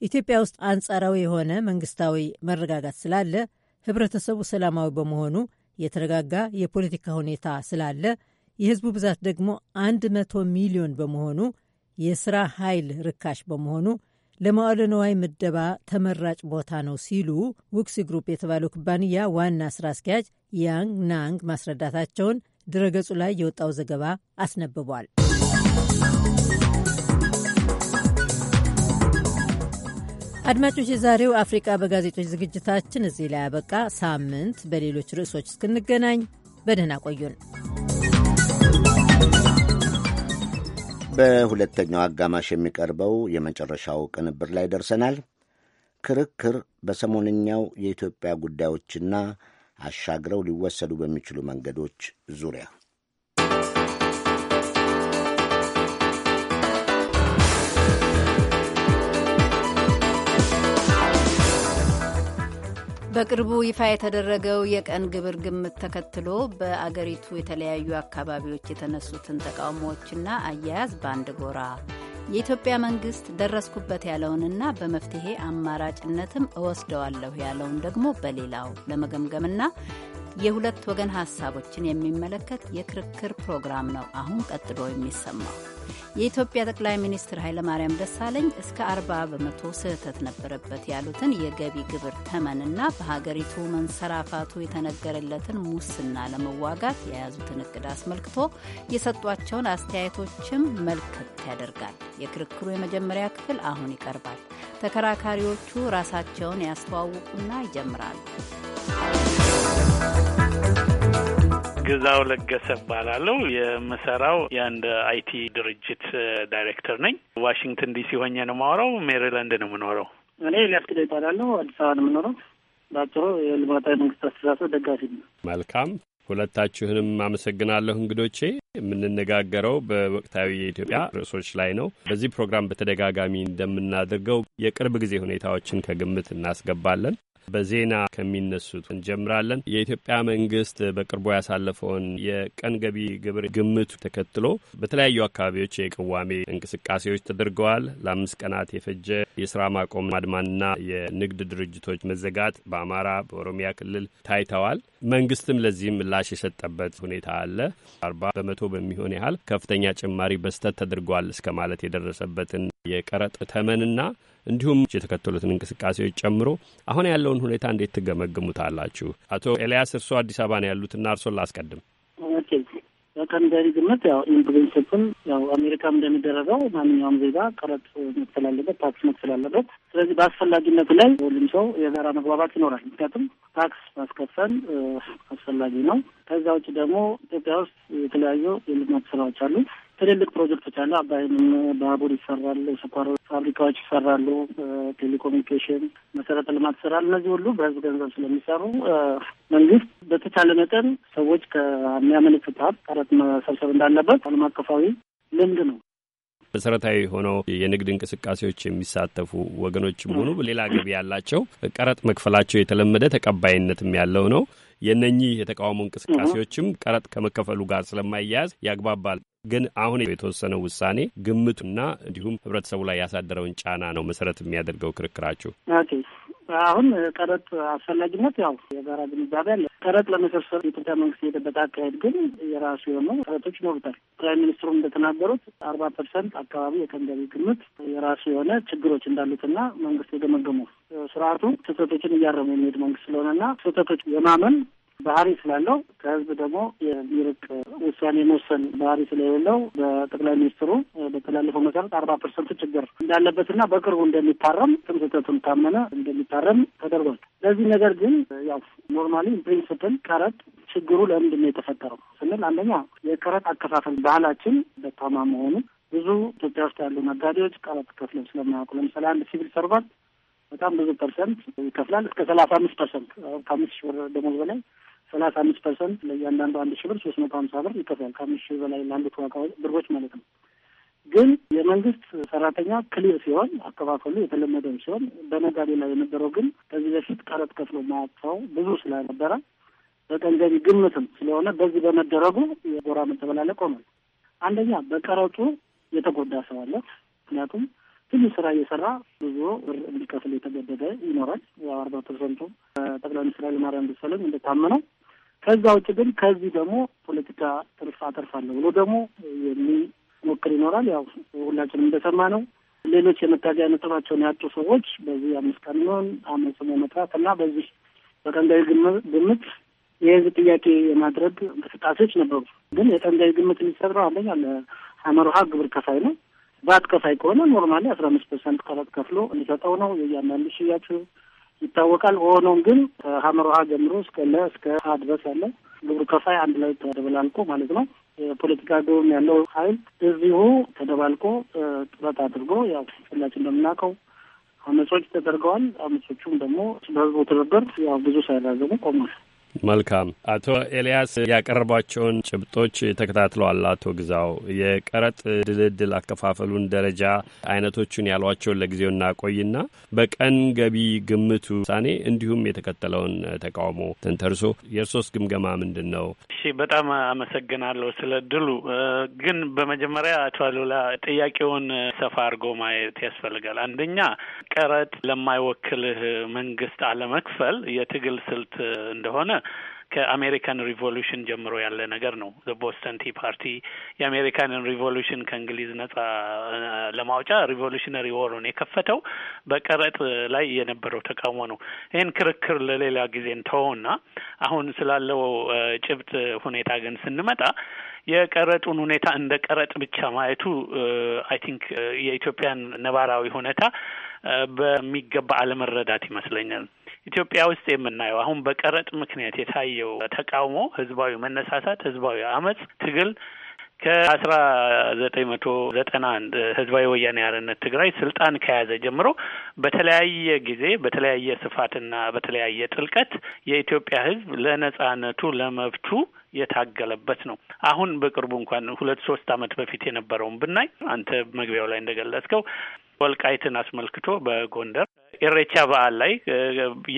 ኢትዮጵያ ውስጥ አንጻራዊ የሆነ መንግስታዊ መረጋጋት ስላለ ህብረተሰቡ ሰላማዊ በመሆኑ የተረጋጋ የፖለቲካ ሁኔታ ስላለ የህዝቡ ብዛት ደግሞ 100 ሚሊዮን በመሆኑ የሥራ ኃይል ርካሽ በመሆኑ ለመዋለ ነዋይ ምደባ ተመራጭ ቦታ ነው ሲሉ ውክሲ ግሩፕ የተባለው ኩባንያ ዋና ሥራ አስኪያጅ ያንግ ናንግ ማስረዳታቸውን ድረገጹ ላይ የወጣው ዘገባ አስነብቧል። አድማጮች፣ የዛሬው አፍሪቃ በጋዜጦች ዝግጅታችን እዚህ ላይ ያበቃ። ሳምንት በሌሎች ርዕሶች እስክንገናኝ በደህና ቆዩን። በሁለተኛው አጋማሽ የሚቀርበው የመጨረሻው ቅንብር ላይ ደርሰናል። ክርክር በሰሞንኛው የኢትዮጵያ ጉዳዮችና አሻግረው ሊወሰዱ በሚችሉ መንገዶች ዙሪያ በቅርቡ ይፋ የተደረገው የቀን ግብር ግምት ተከትሎ በአገሪቱ የተለያዩ አካባቢዎች የተነሱትን ተቃውሞዎችና አያያዝ በአንድ ጎራ የኢትዮጵያ መንግስት ደረስኩበት ያለውንና በመፍትሄ አማራጭነትም እወስደዋለሁ ያለውን ደግሞ በሌላው ለመገምገምና የሁለት ወገን ሀሳቦችን የሚመለከት የክርክር ፕሮግራም ነው። አሁን ቀጥሎ የሚሰማው የኢትዮጵያ ጠቅላይ ሚኒስትር ኃይለማርያም ደሳለኝ እስከ 40 በመቶ ስህተት ነበረበት ያሉትን የገቢ ግብር ተመንና በሀገሪቱ መንሰራፋቱ የተነገረለትን ሙስና ለመዋጋት የያዙትን እቅድ አስመልክቶ የሰጧቸውን አስተያየቶችም መልከት ያደርጋል። የክርክሩ የመጀመሪያ ክፍል አሁን ይቀርባል። ተከራካሪዎቹ ራሳቸውን ያስተዋውቁና ይጀምራሉ። ግዛው ለገሰ እባላለሁ። የምሰራው የአንድ አይቲ ድርጅት ዳይሬክተር ነኝ። ዋሽንግተን ዲሲ ሆኜ ነው የማወራው። ሜሪላንድ ነው የምኖረው። እኔ ሊያስክደ ይባላለሁ። አዲስ አበባ ነው የምኖረው። በአጭሩ የልማታዊ መንግስት አስተሳሰብ ደጋፊ ነው። መልካም ሁለታችሁንም አመሰግናለሁ። እንግዶቼ የምንነጋገረው በወቅታዊ የኢትዮጵያ ርዕሶች ላይ ነው። በዚህ ፕሮግራም በተደጋጋሚ እንደምናደርገው የቅርብ ጊዜ ሁኔታዎችን ከግምት እናስገባለን። በዜና ከሚነሱት እንጀምራለን። የኢትዮጵያ መንግስት በቅርቡ ያሳለፈውን የቀን ገቢ ግብር ግምት ተከትሎ በተለያዩ አካባቢዎች የቅዋሜ እንቅስቃሴዎች ተደርገዋል። ለአምስት ቀናት የፈጀ የስራ ማቆም አድማና የንግድ ድርጅቶች መዘጋት በአማራ በኦሮሚያ ክልል ታይተዋል። መንግስትም ለዚህም ምላሽ የሰጠበት ሁኔታ አለ። አርባ በመቶ በሚሆን ያህል ከፍተኛ ጭማሪ በስተት ተደርጓል እስከ ማለት የደረሰበትን የቀረጥ ተመንና እንዲሁም የተከተሉትን እንቅስቃሴዎች ጨምሮ አሁን ያለውን ሁኔታ እንዴት ትገመግሙታላችሁ? አቶ ኤልያስ እርስዎ አዲስ አበባ ነው ያሉትና እርስዎን ላስቀድም። በቀንደሪ ግምት ያው ኢንፕሪንስፕል ያው አሜሪካም እንደሚደረገው ማንኛውም ዜጋ ቀረጥ መክፈል አለበት፣ ታክስ መክፈል አለበት። ስለዚህ በአስፈላጊነቱ ላይ ሁሉም ሰው የጋራ መግባባት ይኖራል። ምክንያቱም ታክስ ማስከፈል አስፈላጊ ነው። ከዛ ውጭ ደግሞ ኢትዮጵያ ውስጥ የተለያዩ የልማት ስራዎች አሉ። ትልልቅ ፕሮጀክቶች አሉ። አባይም ባቡር ይሰራል፣ ስኳር ፋብሪካዎች ይሰራሉ፣ ቴሌኮሙኒኬሽን፣ መሰረተ ልማት ይሰራል። እነዚህ ሁሉ በህዝብ ገንዘብ ስለሚሰሩ መንግስት በተቻለ መጠን ሰዎች ከሚያመነጩት ሀብት ቀረጥ መሰብሰብ እንዳለበት ዓለም አቀፋዊ ልምድ ነው። መሰረታዊ የሆነው የንግድ እንቅስቃሴዎች የሚሳተፉ ወገኖችም ሆኑ ሌላ ገቢ ያላቸው ቀረጥ መክፈላቸው የተለመደ ተቀባይነትም ያለው ነው። የነኚህ የተቃውሞ እንቅስቃሴዎችም ቀረጥ ከመከፈሉ ጋር ስለማያያዝ ያግባባል። ግን አሁን የተወሰነው ውሳኔ ግምቱና እንዲሁም ህብረተሰቡ ላይ ያሳደረውን ጫና ነው መሰረት የሚያደርገው ክርክራችሁ። አሁን ቀረጥ አስፈላጊነት ያው የጋራ ግንዛቤ አለ። ቀረጥ ለመሰብሰብ የኢትዮጵያ መንግስት የሄደበት አካሄድ ግን የራሱ የሆነ ቀረጦች ይኖሩታል። ጠቅላይ ሚኒስትሩ እንደተናገሩት አርባ ፐርሰንት አካባቢ የቀን ግምት የራሱ የሆነ ችግሮች እንዳሉትና መንግስት የገመገሙ ስርዓቱ ስህተቶችን እያረሙ የሚሄድ መንግስት ስለሆነና ስህተቶች የማመን ባህሪ ስላለው ከህዝብ ደግሞ የሚርቅ ውሳኔ መወሰን ባህሪ ስለሌለው በጠቅላይ ሚኒስትሩ በተላለፈው መሰረት አርባ ፐርሰንት ችግር እንዳለበትና በቅርቡ እንደሚታረም ስህተቱን ታመነ እንደሚታረም ተደርጓል። ለዚህ ነገር ግን ያው ኖርማሊ ፕሪንስፕል ቀረጥ ችግሩ ለምንድን ነው የተፈጠረው ስንል አንደኛ የቀረጥ አከፋፈል ባህላችን ደካማ መሆኑ ብዙ ኢትዮጵያ ውስጥ ያሉ ነጋዴዎች ቀረጥ ከፍለው ስለማያውቁ ለምሳሌ አንድ ሲቪል ሰርቫንት በጣም ብዙ ፐርሰንት ይከፍላል። እስከ ሰላሳ አምስት ፐርሰንት ከአምስት ሺህ ብር ደሞዝ በላይ ሰላሳ አምስት ፐርሰንት ለእያንዳንዱ አንድ ሺህ ብር ሶስት መቶ ሀምሳ ብር ይከፍላል። ከአምስት ሺህ በላይ ለአንዱ ተዋቃ ብሮች ማለት ነው። ግን የመንግስት ሰራተኛ ክሊር ሲሆን አከፋፈሉ የተለመደም ሲሆን በነጋዴ ላይ የነበረው ግን ከዚህ በፊት ቀረጥ ከፍሎ ማያቸው ብዙ ስለነበረ በቀን ገቢ ግምትም ስለሆነ በዚህ በመደረጉ የጎራ መተበላለቅ ሆኗል። አንደኛ በቀረጡ የተጎዳ ሰው አለ። ምክንያቱም ብዙ ስራ እየሰራ ብዙ ብር እንዲከፍል የተገደደ ይኖራል። ያው አርባ ፐርሰንቱ ጠቅላይ ሚኒስትር ኃይለማርያም ደሳለኝ እንደታመነው ከዛ ውጭ ግን ከዚህ ደግሞ ፖለቲካ ትርፍ አተርፋለሁ ብሎ ደግሞ የሚሞክር ይኖራል። ያው ሁላችንም እንደሰማ ነው። ሌሎች የመታገያ ነጥባቸውን ያጡ ሰዎች በዚህ አምስት ቀን ሚሆን አመት ስሞ መጥራት እና በዚህ በቀንዳዊ ግምት የህዝብ ጥያቄ የማድረግ እንቅስቃሴዎች ነበሩ። ግን የቀንዳዊ ግምት የሚሰራው አንደኛ ለሀመርሃ ግብር ከፋይ ነው። ባት ከፋይ ከሆነ ኖርማሊ አስራ አምስት ፐርሰንት ቀረጥ ከፍሎ እንዲሰጠው ነው የእያንዳንዱ ሽያጭ ይታወቃል። ሆኖም ግን ከሀመር ውሃ ጀምሮ እስከ ለ እስከ ሀ ድረስ ያለ ግብር ከፋይ አንድ ላይ ተደበላልቆ ማለት ነው የፖለቲካ ግብም ያለው ኃይል እዚሁ ተደባልቆ ጥረት አድርጎ ያው ሁላችን እንደምናውቀው አመጾች ተደርገዋል። አመጾቹም ደግሞ በህዝቡ ትብብር ያው ብዙ ሳይራዘሙ ቆሟል። መልካም አቶ ኤልያስ ያቀረቧቸውን ጭብጦች ተከታትለዋል። አቶ ግዛው የቀረጥ ድልድል አከፋፈሉን ደረጃ አይነቶቹን ያሏቸውን ለጊዜው እናቆይና በቀን ገቢ ግምቱ ውሳኔ እንዲሁም የተከተለውን ተቃውሞ ተንተርሶ የእርሶስ ግምገማ ምንድን ነው? እሺ፣ በጣም አመሰግናለሁ ስለ ድሉ። ግን በመጀመሪያ አቶ አሉላ ጥያቄውን ሰፋ አድርጎ ማየት ያስፈልጋል። አንደኛ ቀረጥ ለማይወክልህ መንግስት አለመክፈል የትግል ስልት እንደሆነ ከአሜሪካን ሪቮሉሽን ጀምሮ ያለ ነገር ነው። ቦስተን ቲ ፓርቲ የአሜሪካንን ሪቮሉሽን ከእንግሊዝ ነጻ ለማውጫ ሪቮሉሽነሪ ወሩን የከፈተው በቀረጥ ላይ የነበረው ተቃውሞ ነው። ይህን ክርክር ለሌላ ጊዜ እንተወውና አሁን ስላለው ጭብጥ ሁኔታ ግን ስንመጣ የቀረጡን ሁኔታ እንደ ቀረጥ ብቻ ማየቱ አይ ቲንክ የኢትዮጵያን ነባራዊ ሁኔታ በሚገባ አለመረዳት ይመስለኛል። ኢትዮጵያ ውስጥ የምናየው አሁን በቀረጥ ምክንያት የታየው ተቃውሞ፣ ህዝባዊ መነሳሳት፣ ህዝባዊ አመፅ፣ ትግል ከአስራ ዘጠኝ መቶ ዘጠና አንድ ህዝባዊ ወያኔ ሓርነት ትግራይ ስልጣን ከያዘ ጀምሮ በተለያየ ጊዜ በተለያየ ስፋትና በተለያየ ጥልቀት የኢትዮጵያ ህዝብ ለነጻነቱ ለመብቱ የታገለበት ነው። አሁን በቅርቡ እንኳን ሁለት ሶስት አመት በፊት የነበረውን ብናይ አንተ መግቢያው ላይ እንደገለጽከው ወልቃይትን አስመልክቶ በጎንደር ኢሬቻ በዓል ላይ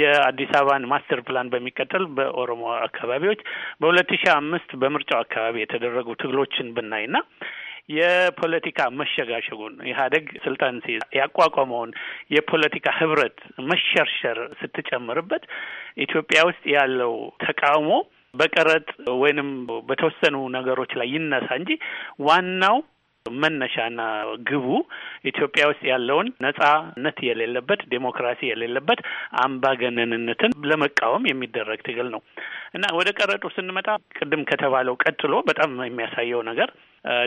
የአዲስ አበባን ማስተር ፕላን በሚቀጠል በኦሮሞ አካባቢዎች በሁለት ሺህ አምስት በምርጫው አካባቢ የተደረጉ ትግሎችን ብናይና የፖለቲካ መሸጋሸጉን ኢህአዴግ ስልጣን ሲ ያቋቋመውን የፖለቲካ ህብረት መሸርሸር ስትጨምርበት ኢትዮጵያ ውስጥ ያለው ተቃውሞ በቀረጥ ወይንም በተወሰኑ ነገሮች ላይ ይነሳ እንጂ ዋናው መነሻና ግቡ ኢትዮጵያ ውስጥ ያለውን ነጻነት የሌለበት ዴሞክራሲ የሌለበት አምባገነንነትን ለመቃወም የሚደረግ ትግል ነው እና ወደ ቀረጡ ስንመጣ ቅድም ከተባለው ቀጥሎ በጣም የሚያሳየው ነገር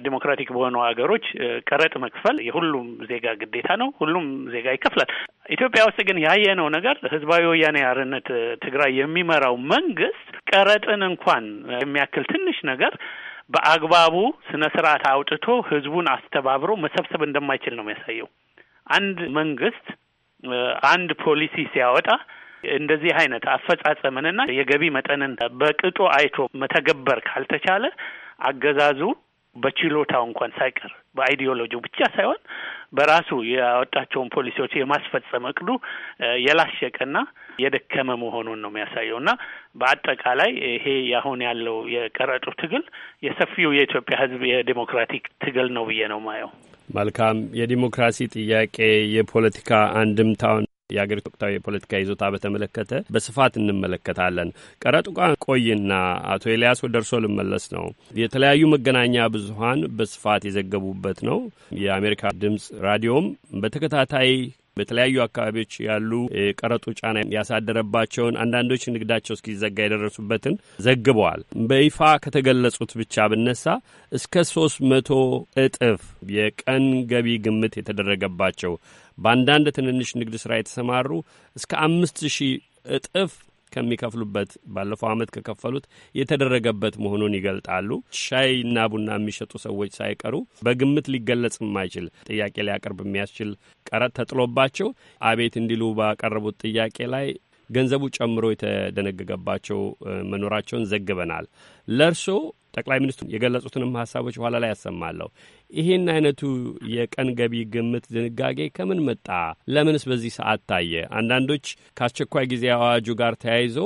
ዲሞክራቲክ በሆኑ ሀገሮች ቀረጥ መክፈል የሁሉም ዜጋ ግዴታ ነው። ሁሉም ዜጋ ይከፍላል። ኢትዮጵያ ውስጥ ግን ያየነው ነገር ህዝባዊ ወያኔ ሓርነት ትግራይ የሚመራው መንግስት ቀረጥን እንኳን የሚያክል ትንሽ ነገር በአግባቡ ስነ ስርዓት አውጥቶ ህዝቡን አስተባብሮ መሰብሰብ እንደማይችል ነው የሚያሳየው። አንድ መንግስት አንድ ፖሊሲ ሲያወጣ እንደዚህ አይነት አፈጻጸምንና የገቢ መጠንን በቅጡ አይቶ መተገበር ካልተቻለ አገዛዙ በችሎታው እንኳን ሳይቀር በአይዲዮሎጂው ብቻ ሳይሆን በራሱ ያወጣቸውን ፖሊሲዎች የማስፈጸም እቅዱ የላሸቀና የደከመ መሆኑን ነው የሚያሳየው እና በአጠቃላይ ይሄ ያሁን ያለው የቀረጡ ትግል የሰፊው የኢትዮጵያ ሕዝብ የዴሞክራቲክ ትግል ነው ብዬ ነው ማየው። መልካም የዲሞክራሲ ጥያቄ የፖለቲካ አንድምታውን የአገሪቱ ወቅታዊ የፖለቲካ ይዞታ በተመለከተ በስፋት እንመለከታለን። ቀረጡ ቆይና አቶ ኤልያስ ወደ እርሶ ልመለስ ነው። የተለያዩ መገናኛ ብዙኃን በስፋት የዘገቡበት ነው። የአሜሪካ ድምፅ ራዲዮም በተከታታይ በተለያዩ አካባቢዎች ያሉ የቀረጡ ጫና ያሳደረባቸውን አንዳንዶች ንግዳቸው እስኪዘጋ የደረሱበትን ዘግበዋል። በይፋ ከተገለጹት ብቻ ብነሳ እስከ ሶስት መቶ እጥፍ የቀን ገቢ ግምት የተደረገባቸው በአንዳንድ ትንንሽ ንግድ ስራ የተሰማሩ እስከ አምስት ሺህ እጥፍ ከሚከፍሉበት ባለፈው ዓመት ከከፈሉት የተደረገበት መሆኑን ይገልጣሉ። ሻይና ቡና የሚሸጡ ሰዎች ሳይቀሩ በግምት ሊገለጽ የማይችል ጥያቄ ሊያቀርብ የሚያስችል ቀረጥ ተጥሎባቸው አቤት እንዲሉ ባቀረቡት ጥያቄ ላይ ገንዘቡ ጨምሮ የተደነገገባቸው መኖራቸውን ዘግበናል። ለእርሶ ጠቅላይ ሚኒስትሩ የገለጹትንም ሀሳቦች በኋላ ላይ ያሰማለሁ። ይህን አይነቱ የቀን ገቢ ግምት ድንጋጌ ከምን መጣ? ለምንስ በዚህ ሰዓት ታየ? አንዳንዶች ከአስቸኳይ ጊዜ አዋጁ ጋር ተያይዞ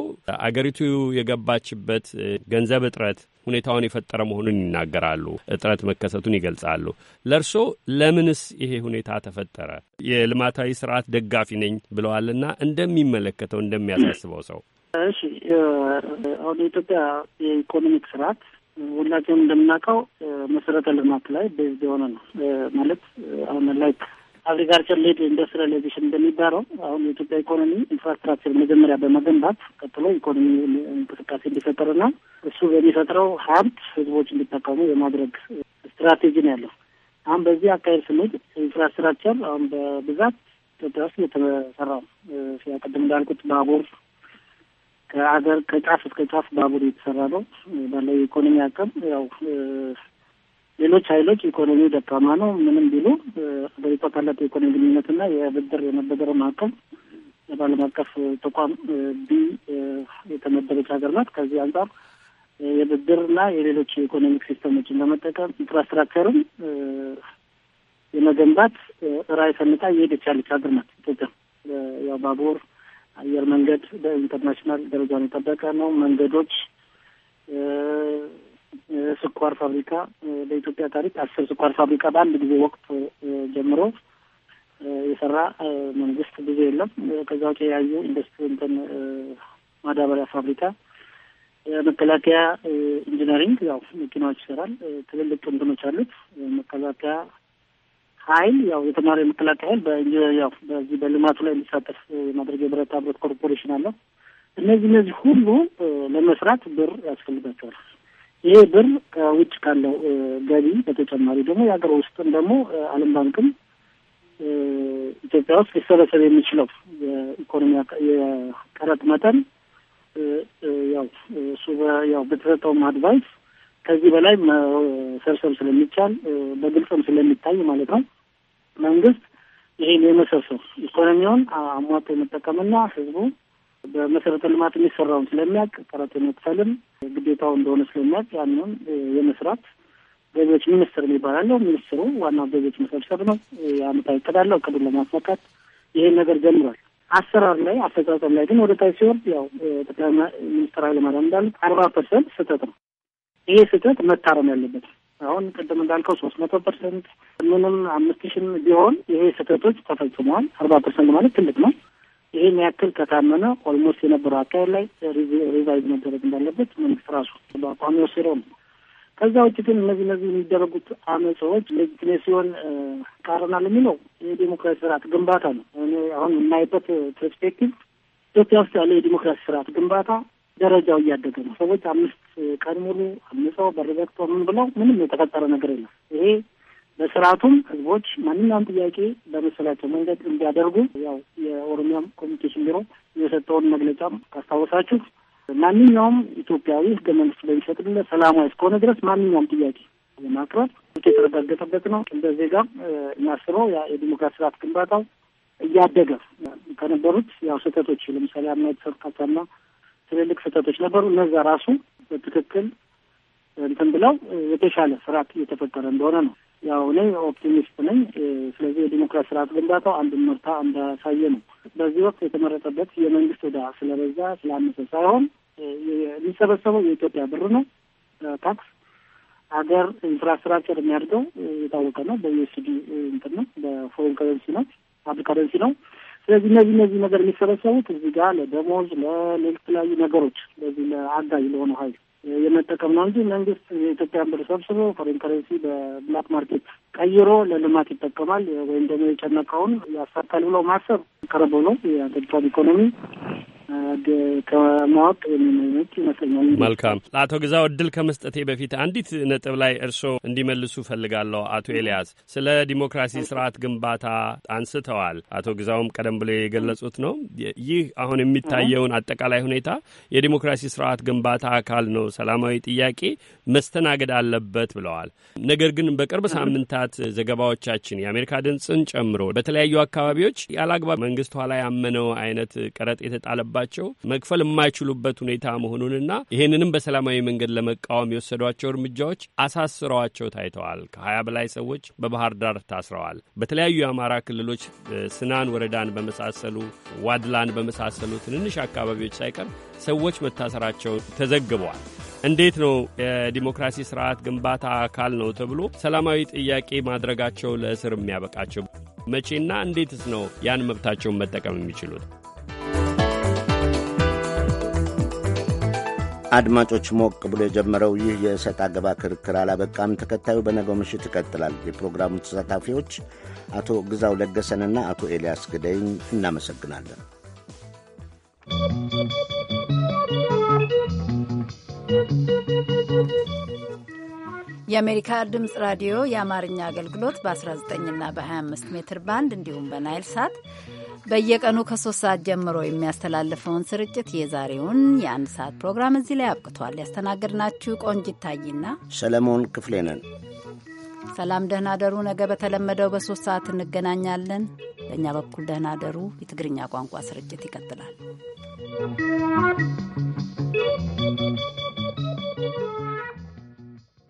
አገሪቱ የገባችበት ገንዘብ እጥረት ሁኔታውን የፈጠረ መሆኑን ይናገራሉ። እጥረት መከሰቱን ይገልጻሉ። ለእርሶ ለምንስ ይሄ ሁኔታ ተፈጠረ? የልማታዊ ስርዓት ደጋፊ ነኝ ብለዋልና እንደሚመለከተው እንደሚያሳስበው ሰው እሺ፣ አሁን የኢትዮጵያ የኢኮኖሚክ ስርዓት ሁላችንም እንደምናውቀው መሰረተ ልማት ላይ ቤዝ የሆነ ነው ማለት አሁን ላይክ አግሪካልቸር ሌድ ኢንዱስትሪላይዜሽን እንደሚባለው አሁን የኢትዮጵያ ኢኮኖሚ ኢንፍራስትራክቸር መጀመሪያ በመገንባት ቀጥሎ ኢኮኖሚ እንቅስቃሴ እንዲፈጠርና እሱ በሚፈጥረው ሀብት ህዝቦች እንዲጠቀሙ የማድረግ ስትራቴጂ ነው ያለው። አሁን በዚህ አካሄድ ስንሄድ ኢንፍራስትራክቸር አሁን በብዛት ኢትዮጵያ ውስጥ የተሰራ ቅድም እንዳልኩት ባቡር ከአገር ከጫፍ እስከ ጫፍ ባቡር የተሰራ ነው ባለው የኢኮኖሚ አቅም ያው ሌሎች ኃይሎች ኢኮኖሚ ደካማ ነው ምንም ቢሉ ሀገሪቷ ካላት የኢኮኖሚ ግንኙነትና የብድር የመበደር ማዕቀፍ በዓለም አቀፍ ተቋም ቢ የተመደበች ሀገር ናት። ከዚህ አንጻር የብድርና የሌሎች የኢኮኖሚክ ሲስተሞችን ለመጠቀም ኢንፍራስትራክቸርም የመገንባት ራዕይ ሰንቃ እየሄደች ያለች ሀገር ናት ኢትዮጵያ። ያው ባቡር፣ አየር መንገድ በኢንተርናሽናል ደረጃን የጠበቀ ነው። መንገዶች ስኳር ፋብሪካ በኢትዮጵያ ታሪክ አስር ስኳር ፋብሪካ በአንድ ጊዜ ወቅት ጀምሮ የሰራ መንግስት ብዙ የለም። ከዛ ውጭ የያዩ ኢንዱስትሪ እንትን ማዳበሪያ ፋብሪካ፣ መከላከያ ኢንጂነሪንግ ያው መኪናዎች ይሰራል። ትልልቅ እንትኖች አሉት። መከላከያ ኃይል ያው የተማሪ መከላከያ ኃይል ያው በዚህ በልማቱ ላይ እንዲሳተፍ የማድረግ የብረታ ብረት ኮርፖሬሽን አለው። እነዚህ እነዚህ ሁሉ ለመስራት ብር ያስፈልጋቸዋል። ይሄ ብር ከውጭ ካለው ገቢ በተጨማሪ ደግሞ የሀገር ውስጥም ደግሞ ዓለም ባንክም ኢትዮጵያ ውስጥ ሊሰበሰብ የሚችለው የኢኮኖሚ የቀረጥ መጠን ያው እሱ ያው በተሰጠውም አድቫይስ ከዚህ በላይ መሰብሰብ ስለሚቻል በግልጽም ስለሚታይ ማለት ነው መንግስት ይሄን የመሰብሰብ ኢኮኖሚውን አሟጦ የመጠቀምና ህዝቡ በመሰረተ ልማት የሚሰራውን ስለሚያውቅ ጥረት የመክፈልም ግዴታው እንደሆነ ስለሚያውቅ ያንን የመስራት ገቢዎች ሚኒስትር የሚባላለው ሚኒስትሩ ዋናው ገቢዎች መሰብሰብ ነው። የአመታዊ እቅድ አለው። እቅዱን ለማሳካት ይሄን ነገር ጀምሯል። አሰራር ላይ አፈጻጸም ላይ ግን ወደ ታች ሲወርድ ያው ጠቅላይ ሚኒስትር ኃይለማርያም እንዳሉት አርባ ፐርሰንት ስህተት ነው። ይሄ ስህተት መታረም ያለበት አሁን ቅድም እንዳልከው ሶስት መቶ ፐርሰንት ምንም አምስት ሺህም ቢሆን ይሄ ስህተቶች ተፈጽመዋል። አርባ ፐርሰንት ማለት ትልቅ ነው። ይህን ያክል ከታመነ ኦልሞስት የነበረው አካሄድ ላይ ሪቫይዝ መደረግ እንዳለበት መንግስት ራሱ በአቋሚ የወሰደው ነው። ከዛ ውጭ ግን እነዚህ እነዚህ የሚደረጉት አመፃዎች ሌጅትሜት ሲሆን ቃረናል የሚለው የዲሞክራሲ ስርዓት ግንባታ ነው። እኔ አሁን የማይበት ፐርስፔክቲቭ ኢትዮጵያ ውስጥ ያለው የዲሞክራሲ ስርዓት ግንባታ ደረጃው እያደገ ነው። ሰዎች አምስት ቀን ሙሉ አምፀው በር ዘግተው ምን ብለው ምንም የተፈጠረ ነገር የለም። ይሄ በስርዓቱም ህዝቦች ማንኛውም ጥያቄ በመሰላቸው መንገድ እንዲያደርጉ ያው የኦሮሚያም ኮሚኒኬሽን ቢሮ የሰጠውን መግለጫ ካስታወሳችሁ ማንኛውም ኢትዮጵያዊ ህገ መንግስት በሚፈቅድለት ሰላማዊ እስከሆነ ድረስ ማንኛውም ጥያቄ የማቅረብ የተረጋገጠበት ነው። እንደ ዜጋ እናስበው የዲሞክራሲ ስርዓት ግንባታው እያደገ ከነበሩት ያው ስህተቶች ለምሳሌ አምና የተሰሩ ትልልቅ ስህተቶች ነበሩ። እነዛ ራሱ በትክክል እንትን ብለው የተሻለ ስርዓት እየተፈጠረ እንደሆነ ነው ያው እኔ ኦፕቲሚስት ነኝ። ስለዚህ የዲሞክራሲ ስርዓት ግንባታው አንድ ምርታ እንዳሳየ ነው። በዚህ ወቅት የተመረጠበት የመንግስት ዕዳ ስለበዛ ስላነሰ ሳይሆን የሚሰበሰበው የኢትዮጵያ ብር ነው ታክስ ሀገር ኢንፍራስትራክቸር የሚያድገው የታወቀ ነው። በዩኤስዲ እንትን ነው፣ በፎሬን ከረንሲ ነው፣ ሀርድ ከረንሲ ነው። ስለዚህ እነዚህ እነዚህ ነገር የሚሰበሰቡት እዚህ ጋር ለደሞዝ ለሌሎች የተለያዩ ነገሮች ለዚህ ለአጋዥ ለሆነው ሀይል የመጠቀም ነው እንጂ መንግስት የኢትዮጵያን ብር ሰብስቦ ፎሬን ከረንሲ በብላክ ማርኬት ቀይሮ ለልማት ይጠቀማል ወይም ደግሞ የጨነቀውን ያሳካል ብለው ማሰብ ቀረበው ነው የአገሪቷን ኢኮኖሚ ማድረግ ከማወቅ የሚመች ይመስለኛል። መልካም። ለአቶ ግዛው እድል ከመስጠቴ በፊት አንዲት ነጥብ ላይ እርስዎ እንዲመልሱ ፈልጋለሁ። አቶ ኤልያስ ስለ ዲሞክራሲ ስርዓት ግንባታ አንስተዋል። አቶ ግዛውም ቀደም ብሎ የገለጹት ነው። ይህ አሁን የሚታየውን አጠቃላይ ሁኔታ የዲሞክራሲ ስርዓት ግንባታ አካል ነው፣ ሰላማዊ ጥያቄ መስተናገድ አለበት ብለዋል። ነገር ግን በቅርብ ሳምንታት ዘገባዎቻችን የአሜሪካ ድምፅን ጨምሮ በተለያዩ አካባቢዎች ያለ አግባብ መንግስት ኋላ ያመነው አይነት ቀረጥ የተጣለባቸው መክፈል የማይችሉበት ሁኔታ መሆኑንና ይህንንም በሰላማዊ መንገድ ለመቃወም የወሰዷቸው እርምጃዎች አሳስረዋቸው ታይተዋል። ከሀያ በላይ ሰዎች በባህር ዳር ታስረዋል። በተለያዩ የአማራ ክልሎች ስናን ወረዳን በመሳሰሉ ዋድላን በመሳሰሉ ትንንሽ አካባቢዎች ሳይቀር ሰዎች መታሰራቸው ተዘግበዋል። እንዴት ነው የዲሞክራሲ ስርዓት ግንባታ አካል ነው ተብሎ ሰላማዊ ጥያቄ ማድረጋቸው ለእስር የሚያበቃቸው? መቼና እንዴትስ ነው ያን መብታቸውን መጠቀም የሚችሉት? አድማጮች ሞቅ ብሎ የጀመረው ይህ የእሰጥ አገባ ክርክር አላበቃም። ተከታዩ በነገው ምሽት ይቀጥላል። የፕሮግራሙ ተሳታፊዎች አቶ ግዛው ለገሰንና አቶ ኤልያስ ግደይን እናመሰግናለን። የአሜሪካ ድምፅ ራዲዮ የአማርኛ አገልግሎት በ19ና በ25 ሜትር ባንድ እንዲሁም በናይል ሳት በየቀኑ ከሶስት ሰዓት ጀምሮ የሚያስተላልፈውን ስርጭት የዛሬውን የአንድ ሰዓት ፕሮግራም እዚህ ላይ አብቅቷል። ያስተናገድናችሁ ቆንጅ ታይና ሰለሞን ክፍሌ ነን። ሰላም ደህና ደሩ። ነገ በተለመደው በሶስት ሰዓት እንገናኛለን። በእኛ በኩል ደህና ደሩ። የትግርኛ ቋንቋ ስርጭት ይቀጥላል።